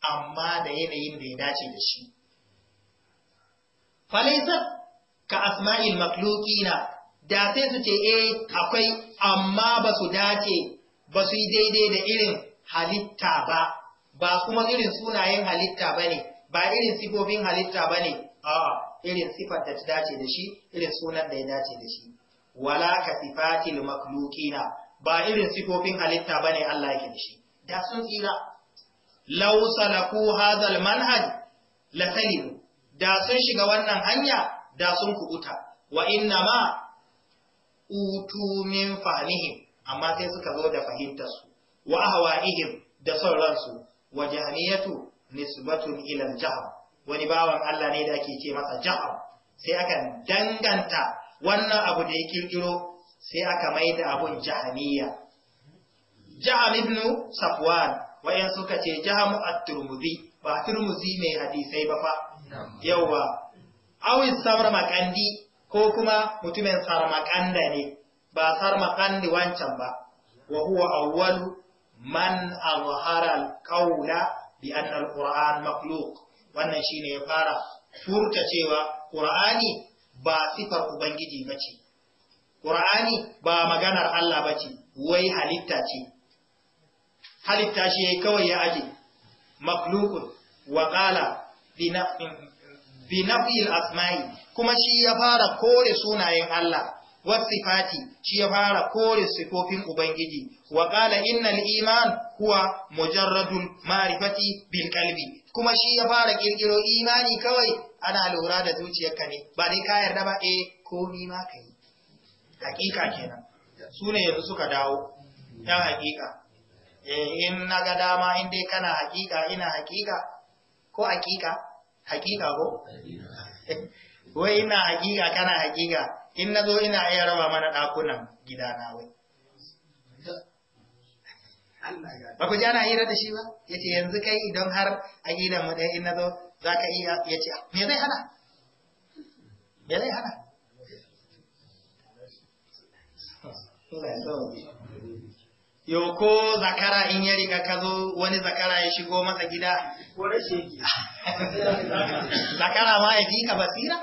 amma da yanayin da ya dace da shi falaisat ka asma'il makhluqina da sai su ce e akwai amma ba su dace ba su yi daidai da irin halitta ba ba kuma irin sunayen halitta bane ba irin sifofin halitta bane a'a irin sifar da ta dace da shi irin sunan da ya dace da shi wala ka sifatil makhluqina ba irin sifofin halitta bane Allah yake da shi da sun tsira law salaku hadal manhaj la salimu da sun shiga wannan hanya da sun kubuta wa inna ma utu min amma sai suka zo da fahimtar su wa hawa'ihim da son ransu wa jahmiyatu nisbatun ila al wani bawan Allah ne da ake ce masa jahar? sai aka danganta wannan abu da ya kirkiro sai aka mai da abun jahamiya jaham ibn safwan wayan suka ce jaham at-turmudi ba turmuzi mai hadisai ba fa yawa awis makandi ko kuma mutumin Kanda ne ba Kandi wancan ba wa huwa awwalu man azhara al-qawla bi anna al-qur'an makhluq wannan shine ya fara furta cewa qur'ani ba sifar ubangiji bace Ƙur'ani ba maganar Allah ba ce, wai halitta ce. Halitta shi ya kawai ya aje, maklukun, waƙala, binafil asma'i, kuma shi ya fara kore sunayen Allah, wasifati shi ya fara kore sifofin Ubangiji, waƙala innal iman kuwa mujarradun marifati bil kalbi, kuma shi ya fara ƙirƙiro imani kawai ana lura da zuciyarka ne, ba dai ka yarda ba, eh, ko ni ma ka yi. hakika kenan su ne yanzu suka dawo yan hakika eh, in na ga dama in dai kana hakika ina hakika ko hakika hakika ko wai ina hakika kana hakika in na zo ina iya raba mana ɗakunan na wai ba ku jana hira da shi ba ya ce yanzu kai idan har a gidan mu ɗaya in na zo za ka iya ya ce ah, me zai hana me zai hana Yau ko zakara in ya riga ka zo wani zakara ya shigo masa gida? Zakara ma ya fi ka basira?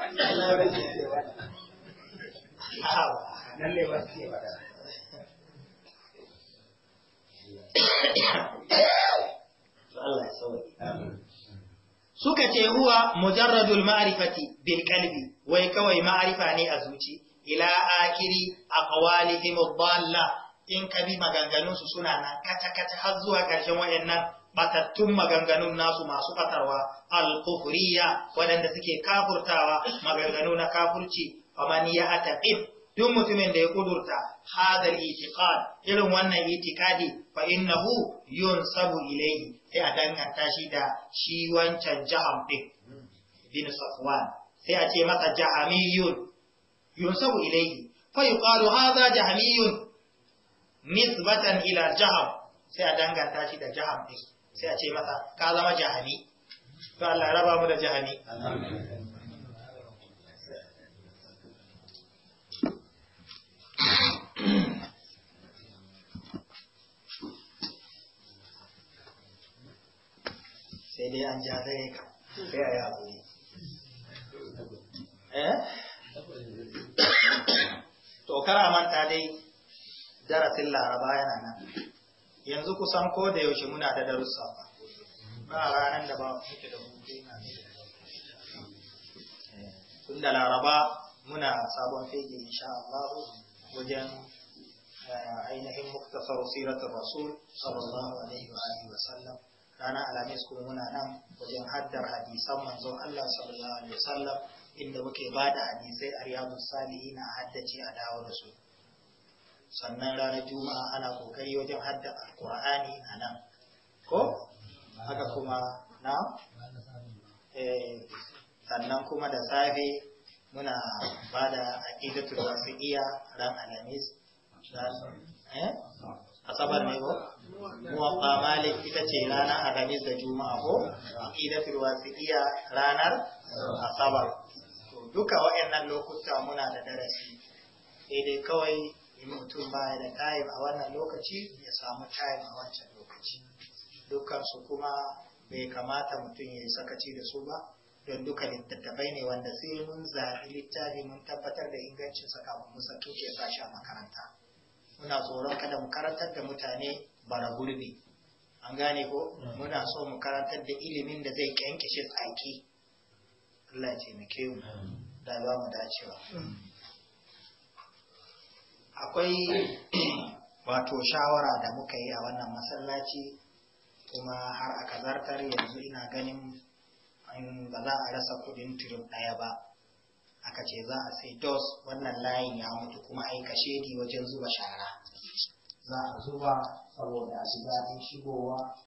Suka ce huwa mujarradul ma'rifati bil kalbi wai kawai ma'rifa ne a zuci ila akiri aqwalihim dhalla in ka bi maganganunsu suna nan kata kata har zuwa ƙarshen wayannan batattun maganganun nasu masu batarwa al kufuriya waɗanda suke kafurtawa maganganu na kafurci faman ya ataqib duk mutumin da ya kudurta hadar itikad irin wannan itikadi fa innahu yunsabu ilayhi sai a danganta shi da shi wancan jaham din bin safwan sai a ce masa jahamiyun ينسب إليه فيقال هذا جهمي نسبة إلى جهم سيدنغا تاشي دا جهم سيأتي مثلا ما جهمي فالله ربا من جهمي سيدي أنجا an ja zai ka sai a yi to kara manta dai darasin laraba yana nan yanzu kusan ko da yaushe muna da darussa ba ba ranar da ba muke da hutu na tun da laraba muna sabon fege insha Allah wajen eh, ainihin muktasar siratul rasul sallallahu alaihi wa alihi wa sallam ranar alhamis kuma muna nan wajen haddar hadisan manzon Allah sallallahu alaihi wa sallam inda muke ba da hadisai a riyadu salihi na haddace a dawo da su sannan ranar juma'a ana kokari wajen hadda alkur'ani a nan ko haka kuma na eh, sannan kuma da safe muna ba da aƙidatul wasiƙiya ran alamis eh? asabar ne ko muwaffa malik ita ce ranar alamis da juma'a ko aqidatul wasiqiya ranar asabar duka waɗannan lokuta muna da darasi sai dai kawai mutum ba da time a wannan lokaci ya samu time a wancan lokaci dukansu kuma bai kamata mutum ya yi sakaci da su ba don duka littattafai ne wanda sai mun zaɓi littafi mun tabbatar da ingancin sa kafin mu sake ya sashi a makaranta muna tsoron kada mu karantar da mutane bara gurbi an gane ko hmm. muna so mu karantar da ilimin da zai kyankyashe tsaki Allah ya taimake mu hmm. da ba mu dacewa hmm. akwai wato shawara da muka yi a wannan masallaci kuma har aka zartar yanzu ina ganin ba za a rasa kudin turin ɗaya ba aka ce za a sai dos wannan layin ya mutu kuma ai kashe kashedi wajen zuba shara za a zuba saboda a shiga shigowa